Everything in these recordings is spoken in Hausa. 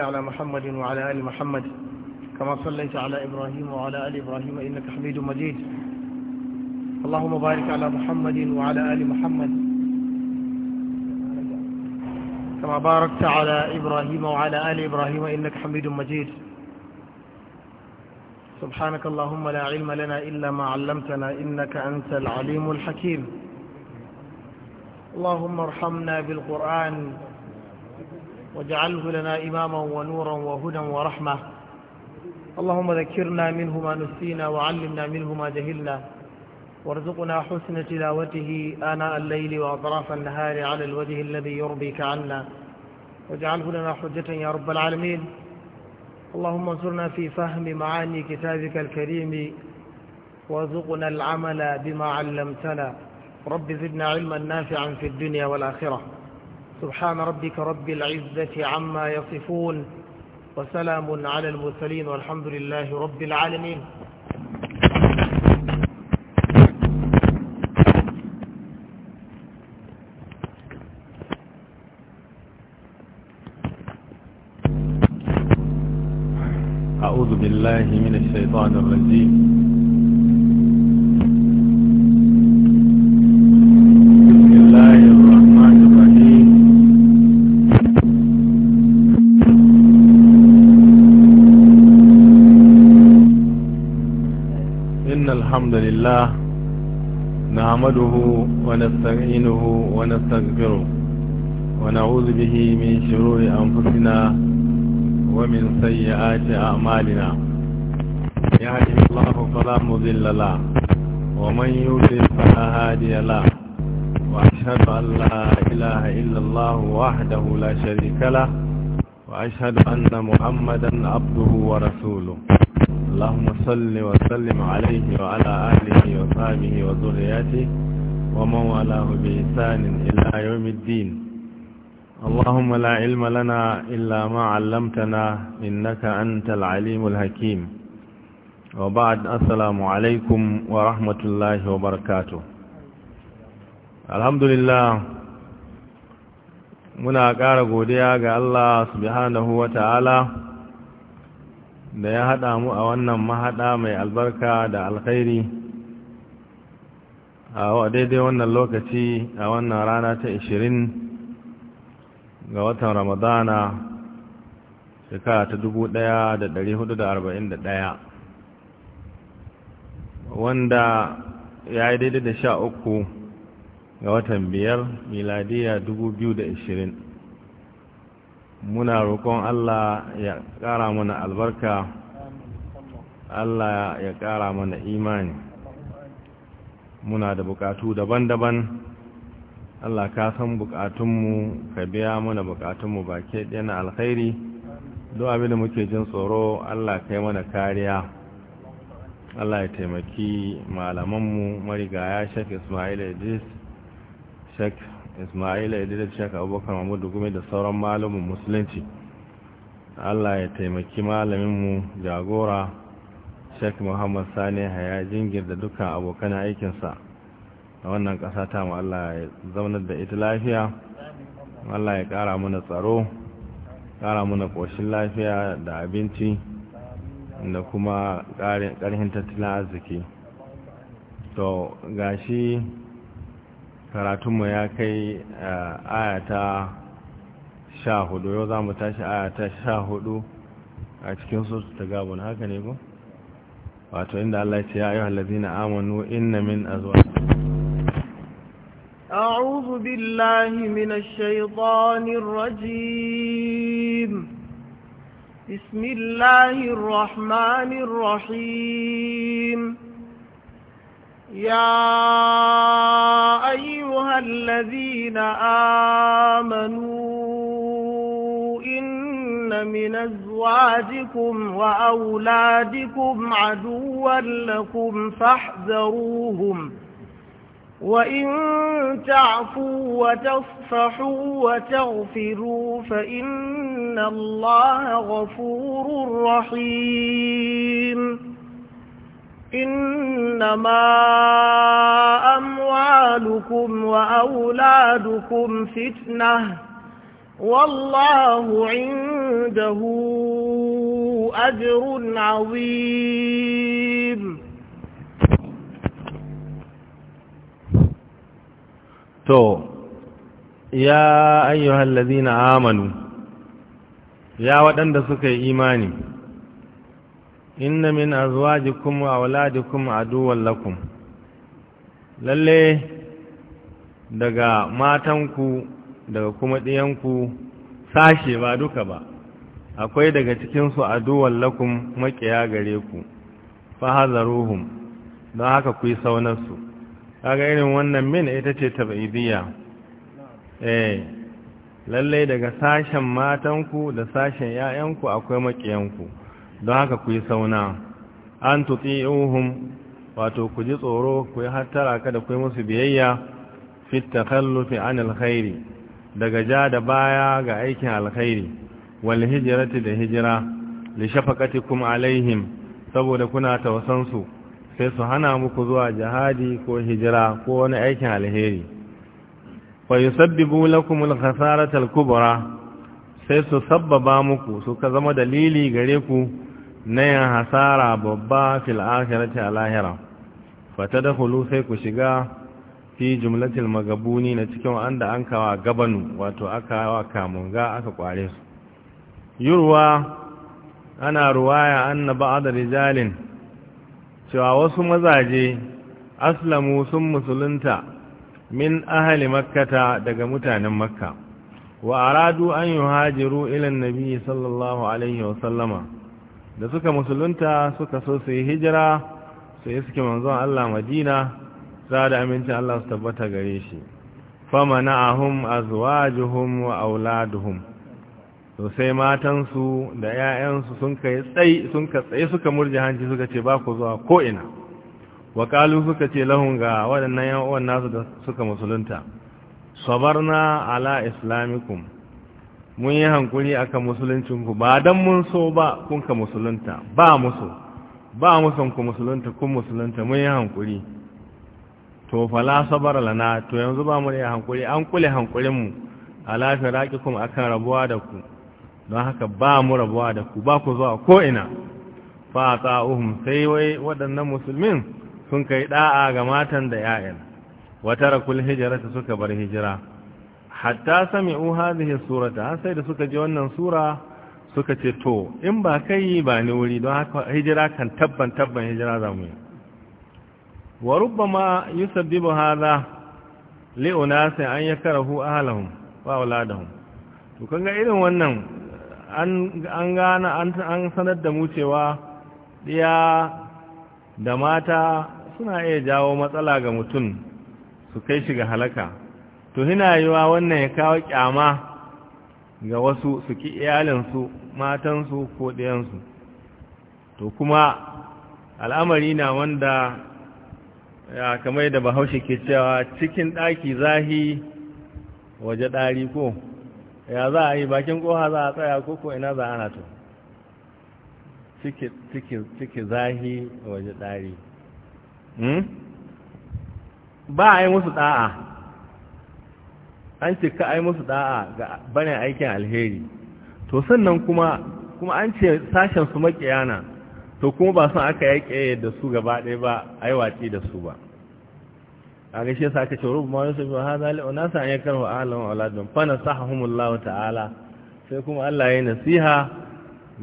على محمد وعلى آل محمد كما صليت على إبراهيم وعلى آل إبراهيم إنك حميد مجيد اللهم بارك على محمد وعلى آل محمد كما باركت على إبراهيم وعلى آل إبراهيم إنك حميد مجيد سبحانك اللهم لا علم لنا إلا ما علمتنا إنك أنت العليم الحكيم اللهم ارحمنا بالقرآن واجعله لنا إماما ونورا وهدى ورحمة اللهم ذكرنا منه ما نسينا وعلمنا منه ما جهلنا وارزقنا حسن تلاوته آناء الليل وأطراف النهار على الوجه الذي يرضيك عنا واجعله لنا حجة يا رب العالمين اللهم انصرنا في فهم معاني كتابك الكريم وارزقنا العمل بما علمتنا رب زدنا علما نافعا في الدنيا والآخرة سبحان ربك رب العزة عما يصفون وسلام على المرسلين والحمد لله رب العالمين أعوذ بالله من الشيطان الرجيم الله نعمده ونستعينه ونستغفره ونعوذ به من شرور أنفسنا ومن سيئات أعمالنا يهده الله فلا مضل له ومن يضلل فلا هادي له وأشهد أن لا إله إلا الله وحده لا شريك له وأشهد أن محمدا عبده ورسوله اللهم صل وسلم عليه وعلى آله وصحبه وذرياته ومن والاه بإحسان إلى يوم الدين اللهم لا علم لنا إلا ما علمتنا إنك أنت العليم الحكيم وبعد السلام عليكم ورحمة الله وبركاته الحمد لله muna ƙara godiya ga Allah subhanahu wa ta'ala da ya haɗa mu a wannan mahaɗa mai albarka da alkhairi a daidai wannan lokaci a wannan rana ta 20 ga watan ramadana shekara ta 1441 wanda ya yi daidai da sha uku ga watan biyar miladiya 2020 muna roƙon Allah ya ƙara mana albarka Allah ya ƙara mana imani muna da buƙatu daban-daban Allah ka san buƙatunmu ka biya mana buƙatunmu baki ɗaya na alkhairi don abin da muke jin tsoro Allah kai mana kariya Allah ya taimaki malamanmu marigaya Sheikh Ismail Idris Sheikh ismaila idris shek abubakar mahmudu gumi da sauran malamin musulunci allah ya taimaki malaminmu jagora shek muhammad sani haya jingir da dukkan abokan aikinsa a wannan ƙasa ta mu allah ya zaunar da ita lafiya allah ya ƙara mana tsaro ƙara mana ƙoshin lafiya da abinci da kuma ƙarhin tattalin arziki to gashi karatunmu ya kai ayata sha hudu yau za mu tashi ayata sha hudu a cikin su ta gabon haka ne ku? wato inda Allah ce ya yi hallazi na amonu inna min azuwa أعوذ بالله من الشيطان الرجيم بسم الله الرحمن الرحيم يا أيها الذين آمنوا إن من أزواجكم وأولادكم عدوا لكم فاحذروهم وإن تعفوا وتصفحوا وتغفروا فإن الله غفور رحيم إنما أموالكم وأولادكم فتنة والله عنده أجر عظيم تو يا أيها الذين آمنوا يا ودن سكي إيماني inna min azwajikum wa auladikum aduwwan lakum lalle daga matanku daga kuma ɗiyanku sashe ba duka ba akwai daga cikinsu duwan lakum maƙiya gare ku fahazaruhum don haka ku yi saunarsu kaga irin wannan min ita ce tab'idiyya eh lallai daga sashen matanku da sashen 'ya'yanku akwai maƙiyanku. don haka ku yi sauna an tutsi ihun wato ku ji tsoro ku yi hattara kada ku musu biyayya fitta kallufi an alkhairi daga ja da baya ga aikin alkhairi wal hijirati da hijira li kuma alaihim saboda kuna tausansu, sai su hana muku zuwa jihadi ko hijira ko wani aikin alheri fa yusabbibu lakum alkhasarata alkubra kubra sai su sabbaba muku su ka zama dalili gare ku na yin hasara babba fil akhirati a lahira fata da hulu sai ku shiga fi jumlatil magabuni na cikin wanda an kawa gabanu wato aka wa kamunga aka kware su yurwa ana ruwaya anna ba'da rijalin cewa wasu mazaje aslamu sun musulunta min ahali makkata daga mutanen makka wa aradu an yuhajiru ila nabi sallallahu alaihi wa sallama da suka musulunta suka so su yi hijira sai suke manzon Allah Madina za da amincin Allah su tabbata gare shi famana'ahum azwajuhum wa auladuhum to sai matansu da 'ya'yansu sun ka tsaye suka murje hanci suka ce ba ku zuwa ko'ina. ina wakalu suka ce lahun ga waɗannan 'yan uwan nasu da suka musulunta sabarna ala islamikum mun yi hankuri kan musuluncinku ba don mun so ba kun ka musulunta ba musu ba musun ku musulunta kun musulunta mun yi hankuri to fala sabar lana to yanzu ba mu yi hankuri an kule hankurinmu a lafiya, raƙi kuma akan rabuwa da ku don haka ba mu rabuwa da ku ba ku zuwa ko'ina fa ta uhun sai wai waɗannan musulmin sun kai ɗa'a ga matan da ‘ya'yan wata rakul hijira suka bar hijira hatta sami'u hadhihi surata sai da suka ji wannan sura suka ce to in ba kai ba ni wuri don haka hijira kan tabban tabban hijira za mu yi wa rubbama yusabbibu hadha li unasi an yakrahu ahlahum wa auladahum to ga irin wannan an an gana an an sanar da mu cewa diya da mata suna iya jawo matsala ga mutum su kai shi ga halaka to hina yiwa wannan ya kawo kyama ga wasu su iyalinsu matansu ko ɗayansu to kuma al'amari na wanda ya kamar da bahaushe ke cewa cikin ɗaki zahi waje ɗari ko ya za a yi bakin ƙoha za a tsaya ko ko ina za ana to ciki zahi waje ɗari hmm? ba a yi musu ɗa'a an ce ka ai musu da'a ga bane aikin alheri to sannan kuma kuma an ce sashen su makiyana to kuma ba san aka yake da su gaba ɗaya ba ai watsi da su ba a gashi sa aka ce rubu ma yusuf wa hadha li unasa an yakaru ahlan wa auladun fa nasahumullahu ta'ala sai kuma Allah ya nasiha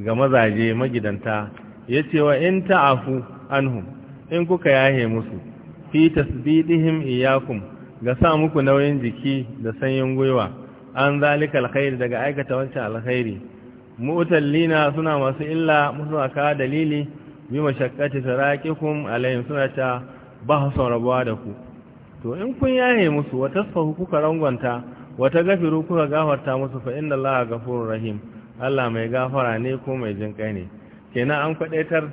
ga mazaje magidanta yace wa in ta'afu anhum in kuka yahe musu fi tasbidihim iyyakum ga sa muku nauyin jiki da sanyin gwiwa an zalika alkhairi daga aikata wancan alkhairi mu'tallina suna masu illa musu aka dalili bi mashaqqati saraqikum alayhim suna ta ba rabuwa da ku to in kun yaye musu wa tasfahu kuka rangwanta wa tagafiru kuka gafarta musu fa inna allaha ghafurur rahim Allah mai gafara ne ko mai kai ne kenan an kwadaitar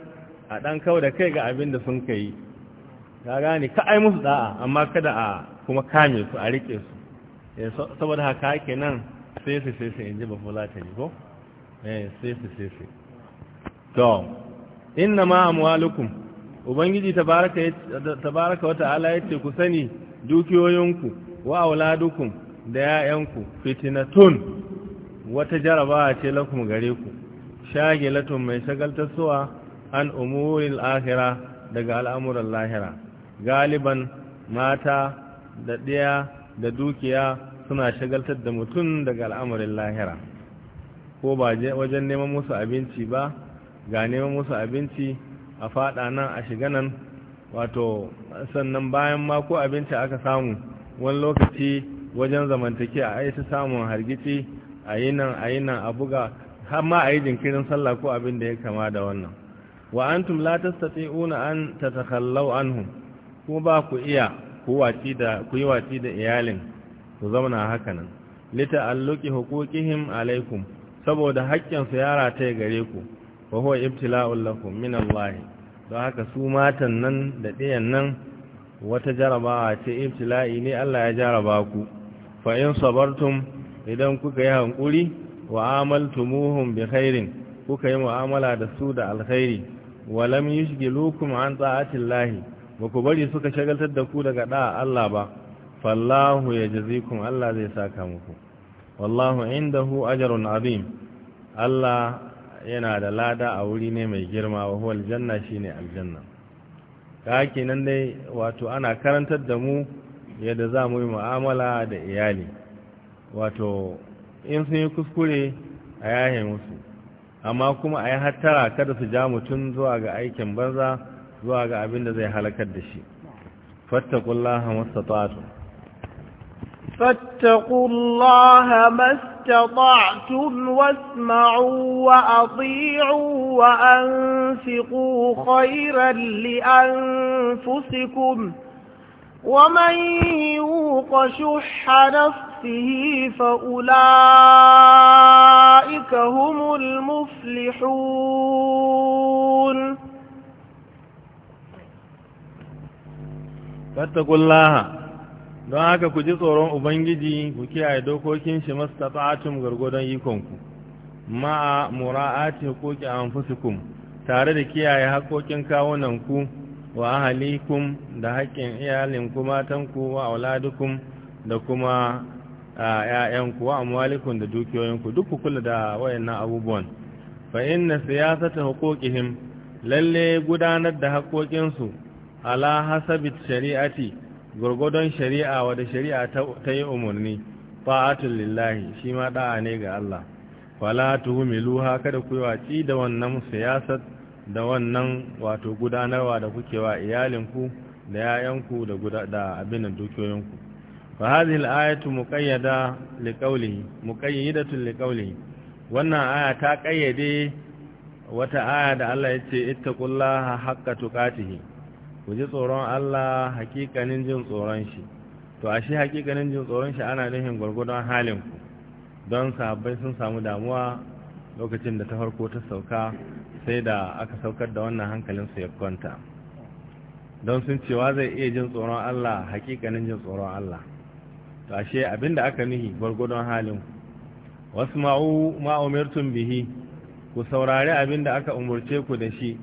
a dan kau da kai ga abin da sun kai ka gane ka ai musu da'a amma kada a kuma kame su a rike su eh, saboda haka ake nan sai su sai in ji ta ne ko eh sai su sai su to inna ma amwalukum ubangiji tabaraka tabaraka wa ta'ala yace ku sani dukiyoyinku wa auladukum da ya'yanku fitnatun wata jarabawa ce lakum gare ku shagilatun mai shagaltarsuwa an umuril akhirah daga al'amuran lahira galiban mata da ɗaya da dukiya suna shagaltar da mutum daga al'amarin lahira ko ba wajen neman musu abinci ba ga neman musu abinci a faɗa nan a shiga nan wato sannan bayan ma ko abinci aka samu wani lokaci wajen zamantake a aita samun hargitsi a yi nan a yi nan a buga har ma a yi jinkirin sallah ko abin da ya kama da wannan wa antum la tastati'una an tatakhallaw anhum ko ba ku iya ku wati da yi wati da iyalin ku zauna haka nan alluki hukukihim alaikum saboda hakkin su yara ta gare ku wa huwa ibtila'ul lakum min Allah don haka su matan nan da ɗiyan nan wata jarabawa ce ibtila'i ne Allah ya jaraba ku fa in sabartum idan kuka yi hankuri wa amaltumuhum bi khairin kuka yi mu'amala da su da alkhairi wa lam yushgilukum an ta'atillahi ba ku bari suka shagaltar da ku daga ɗa Allah ba fallahu ya jazikum Allah zai saka muku wallahu hu ajarun azim Allah yana da lada a wuri ne mai girma wa huwal janna shine aljanna ka kenan dai wato ana karantar da mu yadda za mu yi mu'amala da iyali wato in sun yi kuskure a yahe musu amma kuma a yi hattara kada su ja mutum zuwa ga aikin banza zuwa ga abin da zai halakar da shi fattakullaha mastata'tum fattakullaha mastata'tum wasma'u wa ati'u wa anfiqu khayran li anfusikum ومن يوق شح نفسه فأولئك هم المفلحون fattakullaha don haka ku ji tsoron ubangiji ku kiyaye dokokin shi mastata'atum gargodon ikonku ma'a mura'ati a anfusikum tare da kiyaye hakokin kawunanku wa ahalikum da haƙƙin iyalinku matanku wa auladukum da kuma ‘ya'yanku wa amwalikun da dukiyoyinku duk ku kula da wayannan abubuwan fa inna siyasata hukukihim lalle gudanar da hakokinsu ala hasabit shari'ati gurgudon shari'a wadda shari'a ta yi umarni fa'atun lillahi shi ma da'a ne ga Allah wala tuhmiluha kada ku waci da wannan siyasar da wannan wato gudanarwa da kuke wa iyalinku da yayanku da da abin dukiyoyinku fa hadhihi al-ayatu muqayyada liqawlihi muqayyidatun liqawlihi wannan aya ta kayyade wata aya da Allah ya ce ittaqullaha haqqa tuqatihi ku ji tsoron Allah hakikanin jin tsoron shi to a shi hakikanin jin tsoron shi ana nufin gwargwadon halin ku don sahabbai sun samu damuwa lokacin da ta farko ta sauka sai da aka saukar da wannan hankalin su ya kwanta don sun cewa zai iya jin tsoron Allah hakikanin jin tsoron Allah to ashe abinda aka nihi gwargwadon halin wasu ma'u ma'umirtum bihi ku saurari abinda aka umurce ku da shi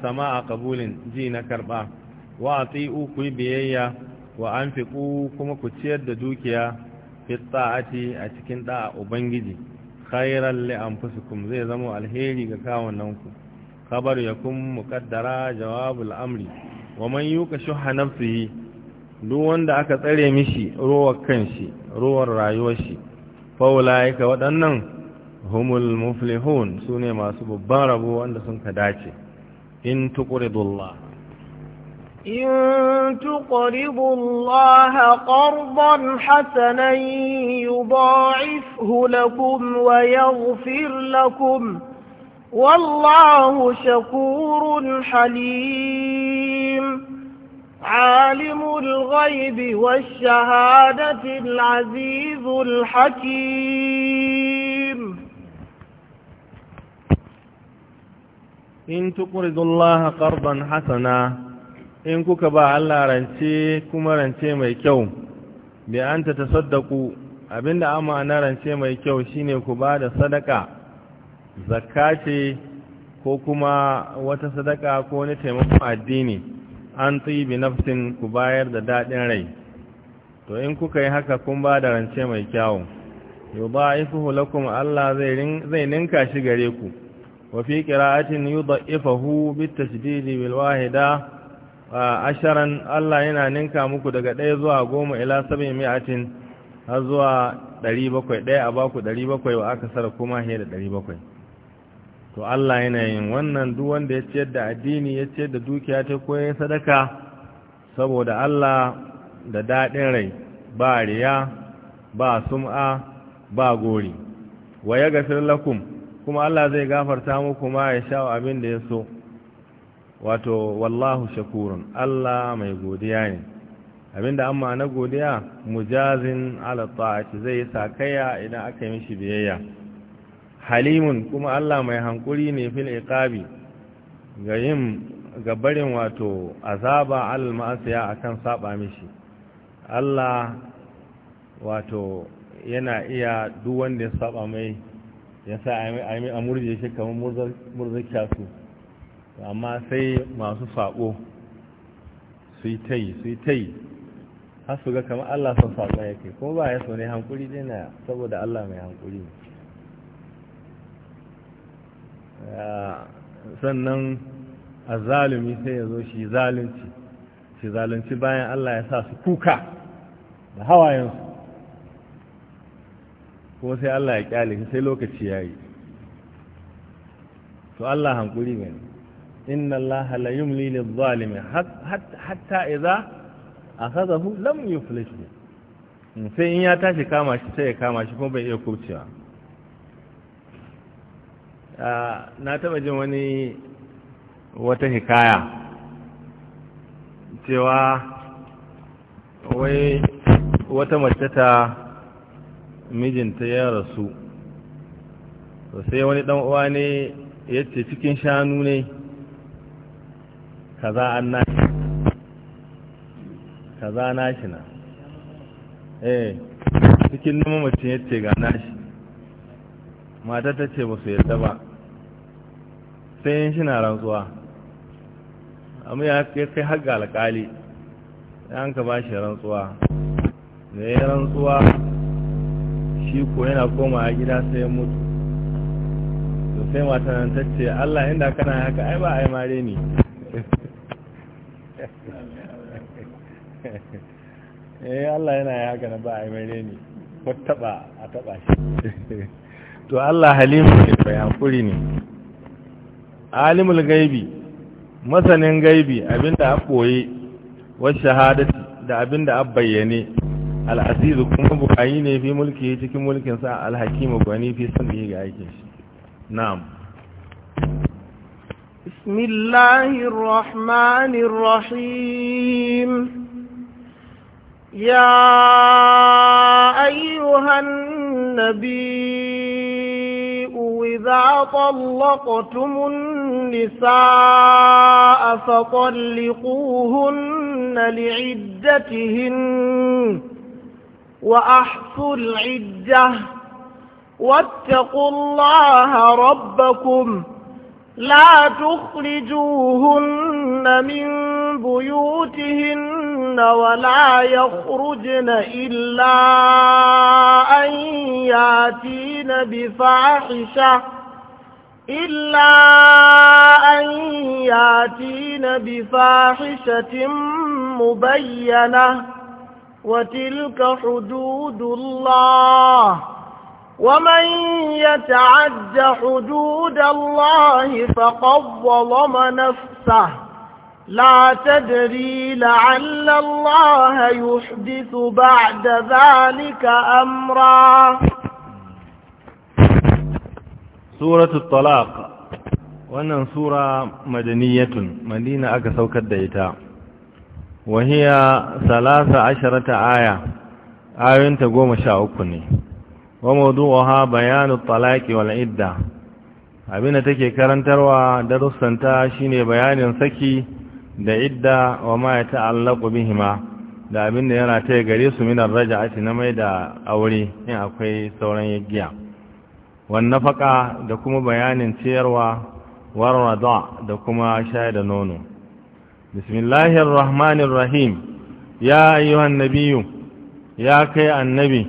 sama'a kabulin ji na karɓa wa ati'u uku yi biyayya wa an kuma ku ciyar da dukiya a ta'ati a cikin ɗa ubangiji khairan li zai zama alheri ga Kabar ya kun muƙaddara jawabul amri wa man yuka shuha nafsihi duk wanda aka tsare mishi ruwar kanshi ruwar rayuwarshi shi fa ka waɗannan هم المفلحون سنة ما سبو باربو أن لسن كداتي إن تقرض الله إن تقرض الله قرضا حسنا يضاعفه لكم ويغفر لكم والله شكور حليم عالم الغيب والشهادة العزيز الحكيم in Allah qardan hasana in kuka ba Allah rance kuma rance mai kyau bi an ta tasaddaku abinda amana rance mai kyau shine ku ba da sadaka zakkace, ko kuma wata sadaka ko wani taimakon addini an tsibi nafsin ku bayar da daɗin rai to in kuka yi haka kun ba da rance mai kyau yau ba ifuhu lakum Allah zai ninka shi gare ku وفي قراءة يضعفه بالتشديد بالواحدة عشرا الله ينا ننكا مكو دقا ديزوا قوم إلى سبعمائة هزوا دريبكوي دي أباكو دريبكوي وأكثر كما هي دريبكوي to Allah yana yin wannan duk wanda ya ciyar da addini ya ciyar da dukiya ta koyi sadaka saboda Allah da daɗin rai ba riya ba sum'a ba gori wa ya gafir lakum kuma Allah zai gafarta muku ma ya sha abin da ya so wato wallahu shakurun Allah mai godiya ne abinda amma na godiya mujazin ala ta'ati zai yi sakaya idan aka yi mishi biyayya halimun kuma Allah mai hankuri ne fil iqabi ga yin gabarin wato azaba al ma'asiya akan saba mishi Allah wato yana iya duk wanda ya saba mai ya sa a murje shi kamar murzar kyasu amma sai masu faɓo su yi ta yi su yi ta yi har su ga kamar allah sun faɓon ya kai kuma ba ya so ne hankuri ne na saboda allah mai hankuri sannan a zalumi sai ya zo shi zalunci shi zalunci bayan allah ya sa su kuka da hawayensu ko sai Allah ya kyale shi sai lokaci ya yi to Allah hankuri ne inna Allah la yumli lil zalimi hatta idza akhadahu lam yuflihu mm, sai in ya tashi kama shi sai ya kama shi kuma bai iya kurcewa ah, na taba jin wani wata hikaya cewa wai wata mace ta mijinta ya rasu sai wani dan uwa ne ya ce cikin shanu ne kaza an nashi kaza nashi na eh cikin numa mutum ya ce ga nashi mata ta ce ba su yadda ba sai yin shi na rantsuwa amma ya kai har ga alkali ya an ka ba shi rantsuwa da ya rantsuwa shi ko yana komawa gida sai ya mutu to sai mata nan ta ce Allah inda kana haka ai ba ai mare ni eh Allah yana ya haka na ba ai mare ni ko taba a taba shi to Allah halimu ne fa yankuri ne alimul gaibi masanin gaibi abinda a koyi wa shahadati da abinda a bayyane العزيز كما بحييني في ملكه تكي ملك ساء الحكيم وقواني في سنه قائش نعم بسم الله الرحمن الرحيم يا أيها النبي إذا طلقتم النساء فطلقوهن لعدتهن وأحفوا العدة واتقوا الله ربكم لا تخرجوهن من بيوتهن ولا يخرجن إلا أن ياتين بفاحشة إلا أن ياتين بفاحشة مبينة وتلك حدود الله ومن يتعد حدود الله فقد ظلم نفسه لا تدري لعل الله يحدث بعد ذلك أمرا سورة الطلاق وانا سورة مدنية مدينة aka saukar wahiya salasa ta aya ayoyinta goma sha uku ne wa mawdu'uha bayanu talaqi wal idda abinda take karantarwa darussanta shine bayanin saki da idda wa ma ya ta'allaqu bihima da abinda yana ta gare su min arja'ati na mai da aure in akwai sauran yagiya wan nafaqa da kuma bayanin ciyarwa war da kuma shayar da nono بسم الله الرحمن الرحيم يا أيها النبي يا كي النبي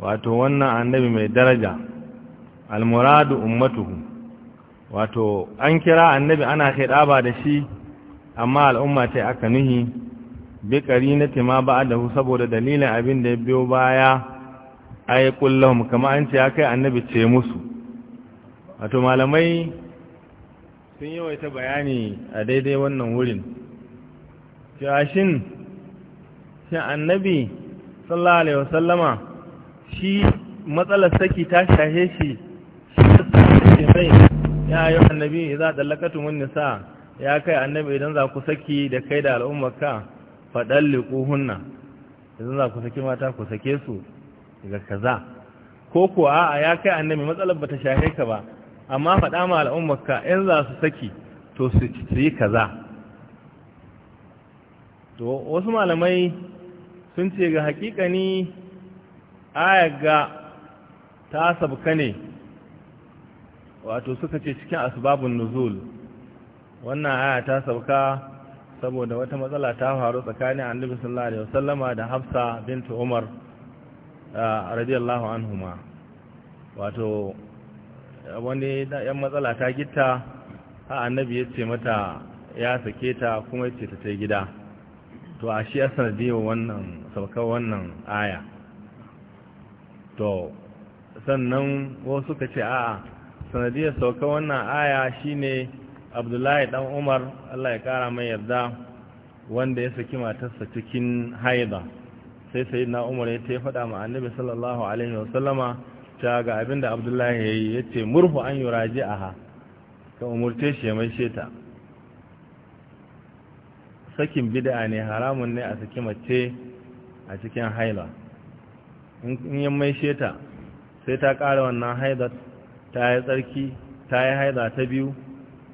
واتوانا النبي من درجة المراد أمته wato an kira annabi ana khidaba da shi amma al'umma ta aka nuhi bi qarinati ma ba'dahu saboda dalilin abin da ya biyo baya ay kullahum kama an ce ya kai annabi ce musu wato malamai sun yawaita bayani a daidai wannan wurin shin shi annabi sallallahu alaihi wasallama shi matsalar saki ta shahe shi shi sai ya yi annabi za a idza dallakatum nisa ya kai annabi idan za ku saki da kai da al'ummarka hunna, idan za ku saki mata ku sake su daga kaza ko kuwa a ya kai annabi matsalar ba ta shahe ka ba amma faɗa ma al'ummarka in za su saki to su yi kaza to wasu malamai sun ce ga ayar ga ta sabuka ne wato suka ce cikin asbabun nuzul wannan aya ta sabuka saboda wata matsala ta faru tsakanin annabi sallallahu alaihi wasallama da Hafsa bint Umar ah, radiyallahu anhuma wato wani yan matsala ta gita, a annabi ya ce mata ya sake ta kuma ya ce ta ta gida to a shi ya sanadiyar wannan saukar wannan aya to sannan wasu ka ce a'a sanadiyar saukar wannan aya shine abdullahi ɗan umar allah ya kara mai yarda wanda ya saki matarsa cikin haida sai sayi na umar ya ta yi faɗa ma sallallahu alaihi wasallama ta ga abin da abdullahi ya yi ya ce murfu an yi raji a ha ka umurce shi ya mai sheta sakin bida ne haramun ne a saki mace a cikin haila in yi mai sheta sai ta ƙara wannan haidar ta yi tsarki ta yi haida ta biyu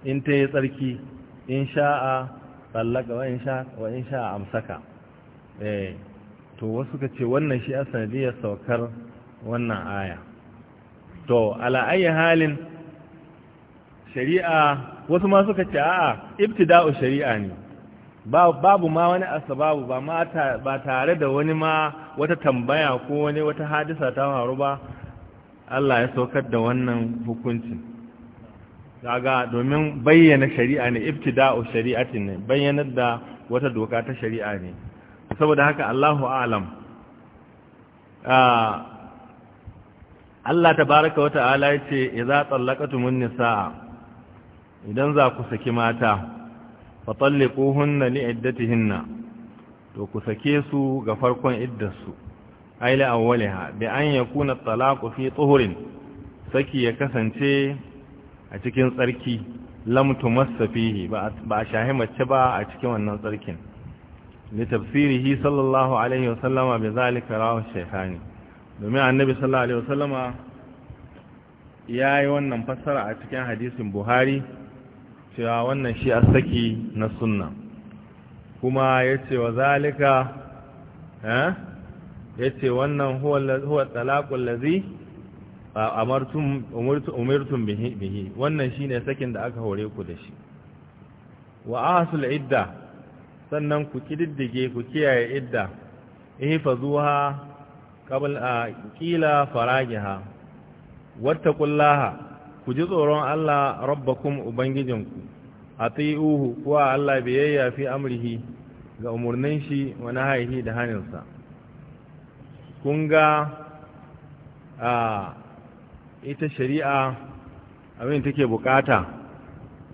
in ta yi tsarki in sha'a tsallaka wa in sha'a amsaka eh, to wasu ka ce wannan shi a sanadiyar saukar wannan aya to ala ayi halin shari'a wasu ma suka ce a'a ibtida'u shari'a ne babu ma wani asababu ba ma ba tare da wani ma wata tambaya ko wani wata hadisa ta faru ba Allah ya saukar da wannan hukuncin daga domin bayyana shari'a ne ibtida'u shari'atin ne bayyana da wata doka ta shari'a ne saboda haka Allahu a'lam ah, Allah tabaraka wa ta'ala yace tsallaka tallaqatumun nisaa idan za ku saki mata fa talliquhunna li hinna to ku sake su ga farkon iddarsu ay la ha, bi an ya kuna talaqu fi tuhurin saki ya kasance a cikin tsarki Lamtu tumassa fihi ba a shahi mace ba a cikin wannan tsarkin li tafsirihi sallallahu alaihi wa sallama bi zalika rawahu shaykhani domin annabi sallallahu alaihi wasallama ya yi wannan fassara a cikin hadisin buhari cewa wannan shi a saki na sunna kuma ya ce wa zalika ya ce wannan huwa talakun lazi a umartun bihi wannan shi ne sakin da aka hore ku da shi wa asul idda sannan ku kididdige ku kiyaye idda ihifazuha kabul a kila wata wattaqullaha ku ji tsoron Allah rabbakum ubangijinku atiuhu kuwa Allah biyayya fi amrihi ga umurnin shi wa haihi da haninsa kun ga a ita shari'a abin take bukata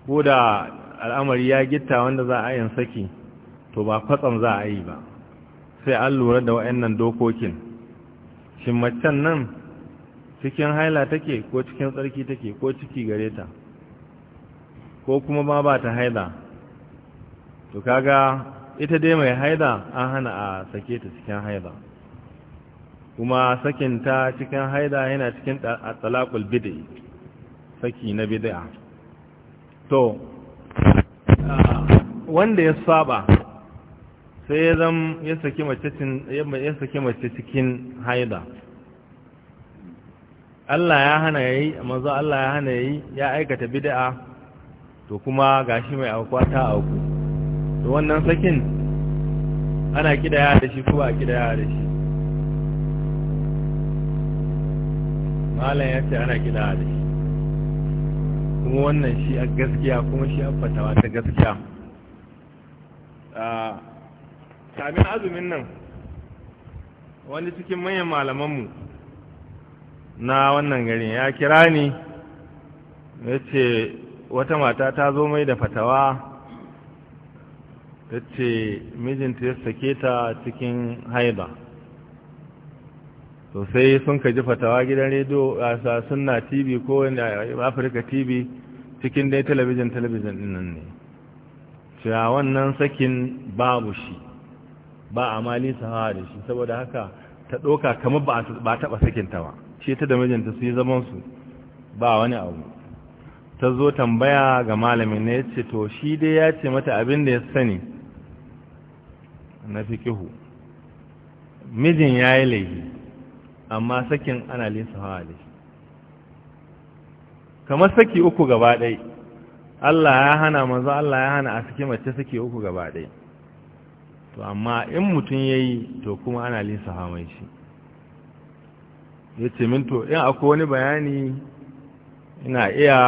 ko da al'amari ya gitta wanda za a yin saki to ba kwatsam za a yi ba sai an lura da wa'annan dokokin shin macen nan cikin haila take ko cikin tsarki take ko ciki gare ta ko kuma ma ba ta haila to kaga ita dai mai haila an hana a sake ta cikin haila kuma sakinta cikin haila yana cikin talakul bid'i saki na bid'a to ah, wanda ya saba sai ya zan ya saki mace cikin haida Allah ya hana yayi manzo Allah ya hana yayi ya aikata bid'a to kuma gashi mai aukuwa ta auku to wannan sakin ana kidaya da shi ko a kidaya da shi malam ya ce ana kidaya da shi kuma wannan shi a gaskiya kuma shi a fatawa ta gaskiya ah, kamin azumin nan wani cikin manyan malamanmu na wannan gari ya kira ni ya ce wata mata ta zo mai da fatawa ta ce mijinta ya sake ta cikin haiba sosai sun ka ji fatawa gidan rediyo a na tv ko afirka tv cikin dai talabijin talabijin dinnan ne cewa wannan sakin babu shi ba a mali hawa da shi saboda haka ta ɗoka kamar ba a taɓa sakinta ba shi ta da mijinta su yi zamansu ba wani abu ta zo tambaya ga malamin na ya ce to shi dai ya ce mata abin da ya sani na fi kihu mijin ya yi laifi amma sakin ana lisa hawa da shi kamar saki uku gaba ɗai Allah ya hana manzo Allah ya hana a saki mace saki uku gaba ɗai to amma in mutum ya yi to kuma ana lisa hamai shi ya ce minto in akwai wani bayani ina iya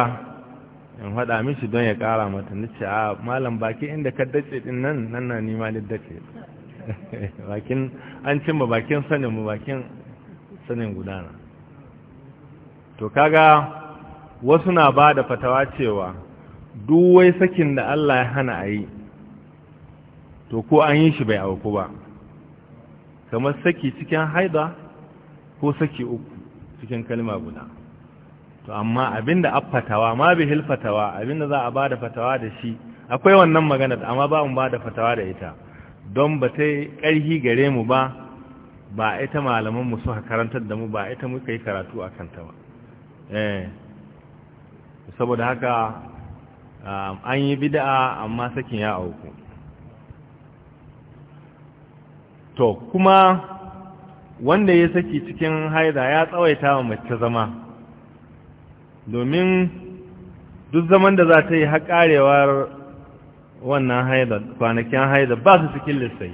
in haɗa mishi don ya kara mata na ce a malam baki inda ka dace din nan nan na nima dace bakin an cimma bakin sanin mu bakin sanin gudana to kaga wasu na ba da fatawa cewa duwai sakin da Allah ya hana a yi to ko an yi shi bai auku ba kamar saki cikin haida ko saki uku cikin kalma guda to amma abinda affatawa ma bi hilfatawa fatawa abinda za a bada da fatawa da shi akwai wannan magana amma ba mun ba da fatawa da ita don ba ta ƙarhi gare mu ba ba ita malaman mu suka karantar da mu ba ita muka yi karatu a kanta ba eh saboda haka ah, an yi bid'a amma sakin ya auku to kuma wanda ya saki cikin haida ya tsawaita wa mace zama domin duk zaman da za ta yi haƙarewar wannan haida kwanakin haida ba su cikin lissai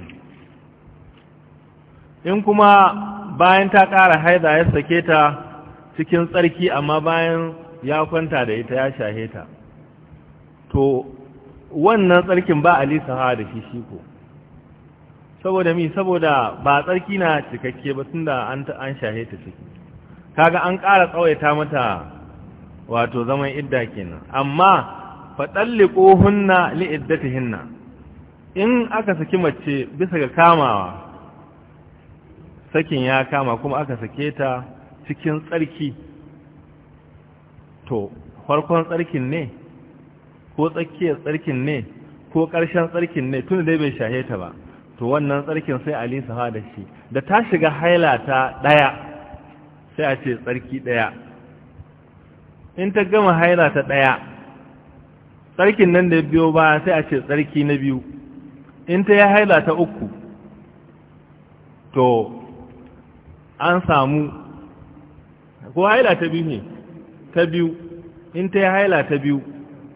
in kuma bayan ta ƙara haida ya sake ta cikin tsarki amma bayan ya kwanta da ita ya shahe ta to wannan tsarkin ba a lisa da shi shi saboda mi saboda ba tsarki na cikakke ba tunda an an shahe ta ciki kaga an ƙara tsawaita mata wato zaman idda kenan amma li iddatihinna in aka saki mace bisa ga kamawa sakin ya kama kuma aka sake ta cikin tsarki to farkon tsarkin ne ko tsakiyar tsarkin ne ko ƙarshen tsarkin ne tun dai bai shahe ta ba to wannan tsarkin sai su lisafa da shi da ta shiga haila ta ɗaya sai a ce tsarki ɗaya in ta gama haila ta ɗaya tsarkin nan da biyo ba sai a ce tsarki na biyu in ta yi haila ta uku to an samu ko haila ta biyu ne ta biyu in ta yi haila ta biyu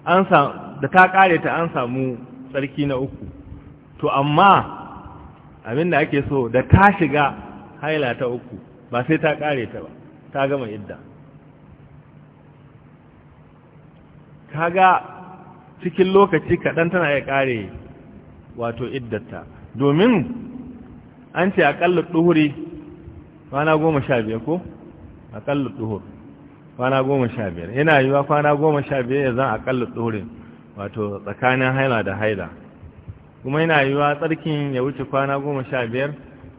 an samu da ta ƙare ta an samu tsarki na uku to amma abin da ake so da ta shiga haila ta uku ba sai ta kare ta ba ta gama idda kaga cikin lokaci kaɗan tana ya kare wato iddata domin an ce aƙalla ɗuhuri kwana goma sha biyar ko aƙalla ɗuhur kwana goma sha biyar yana yiwa kwana goma sha biyar ya zan aƙalla ɗuhurin wato tsakanin haila da haila kuma yana yiwuwa tsarkin ya wuce kwana goma sha biyar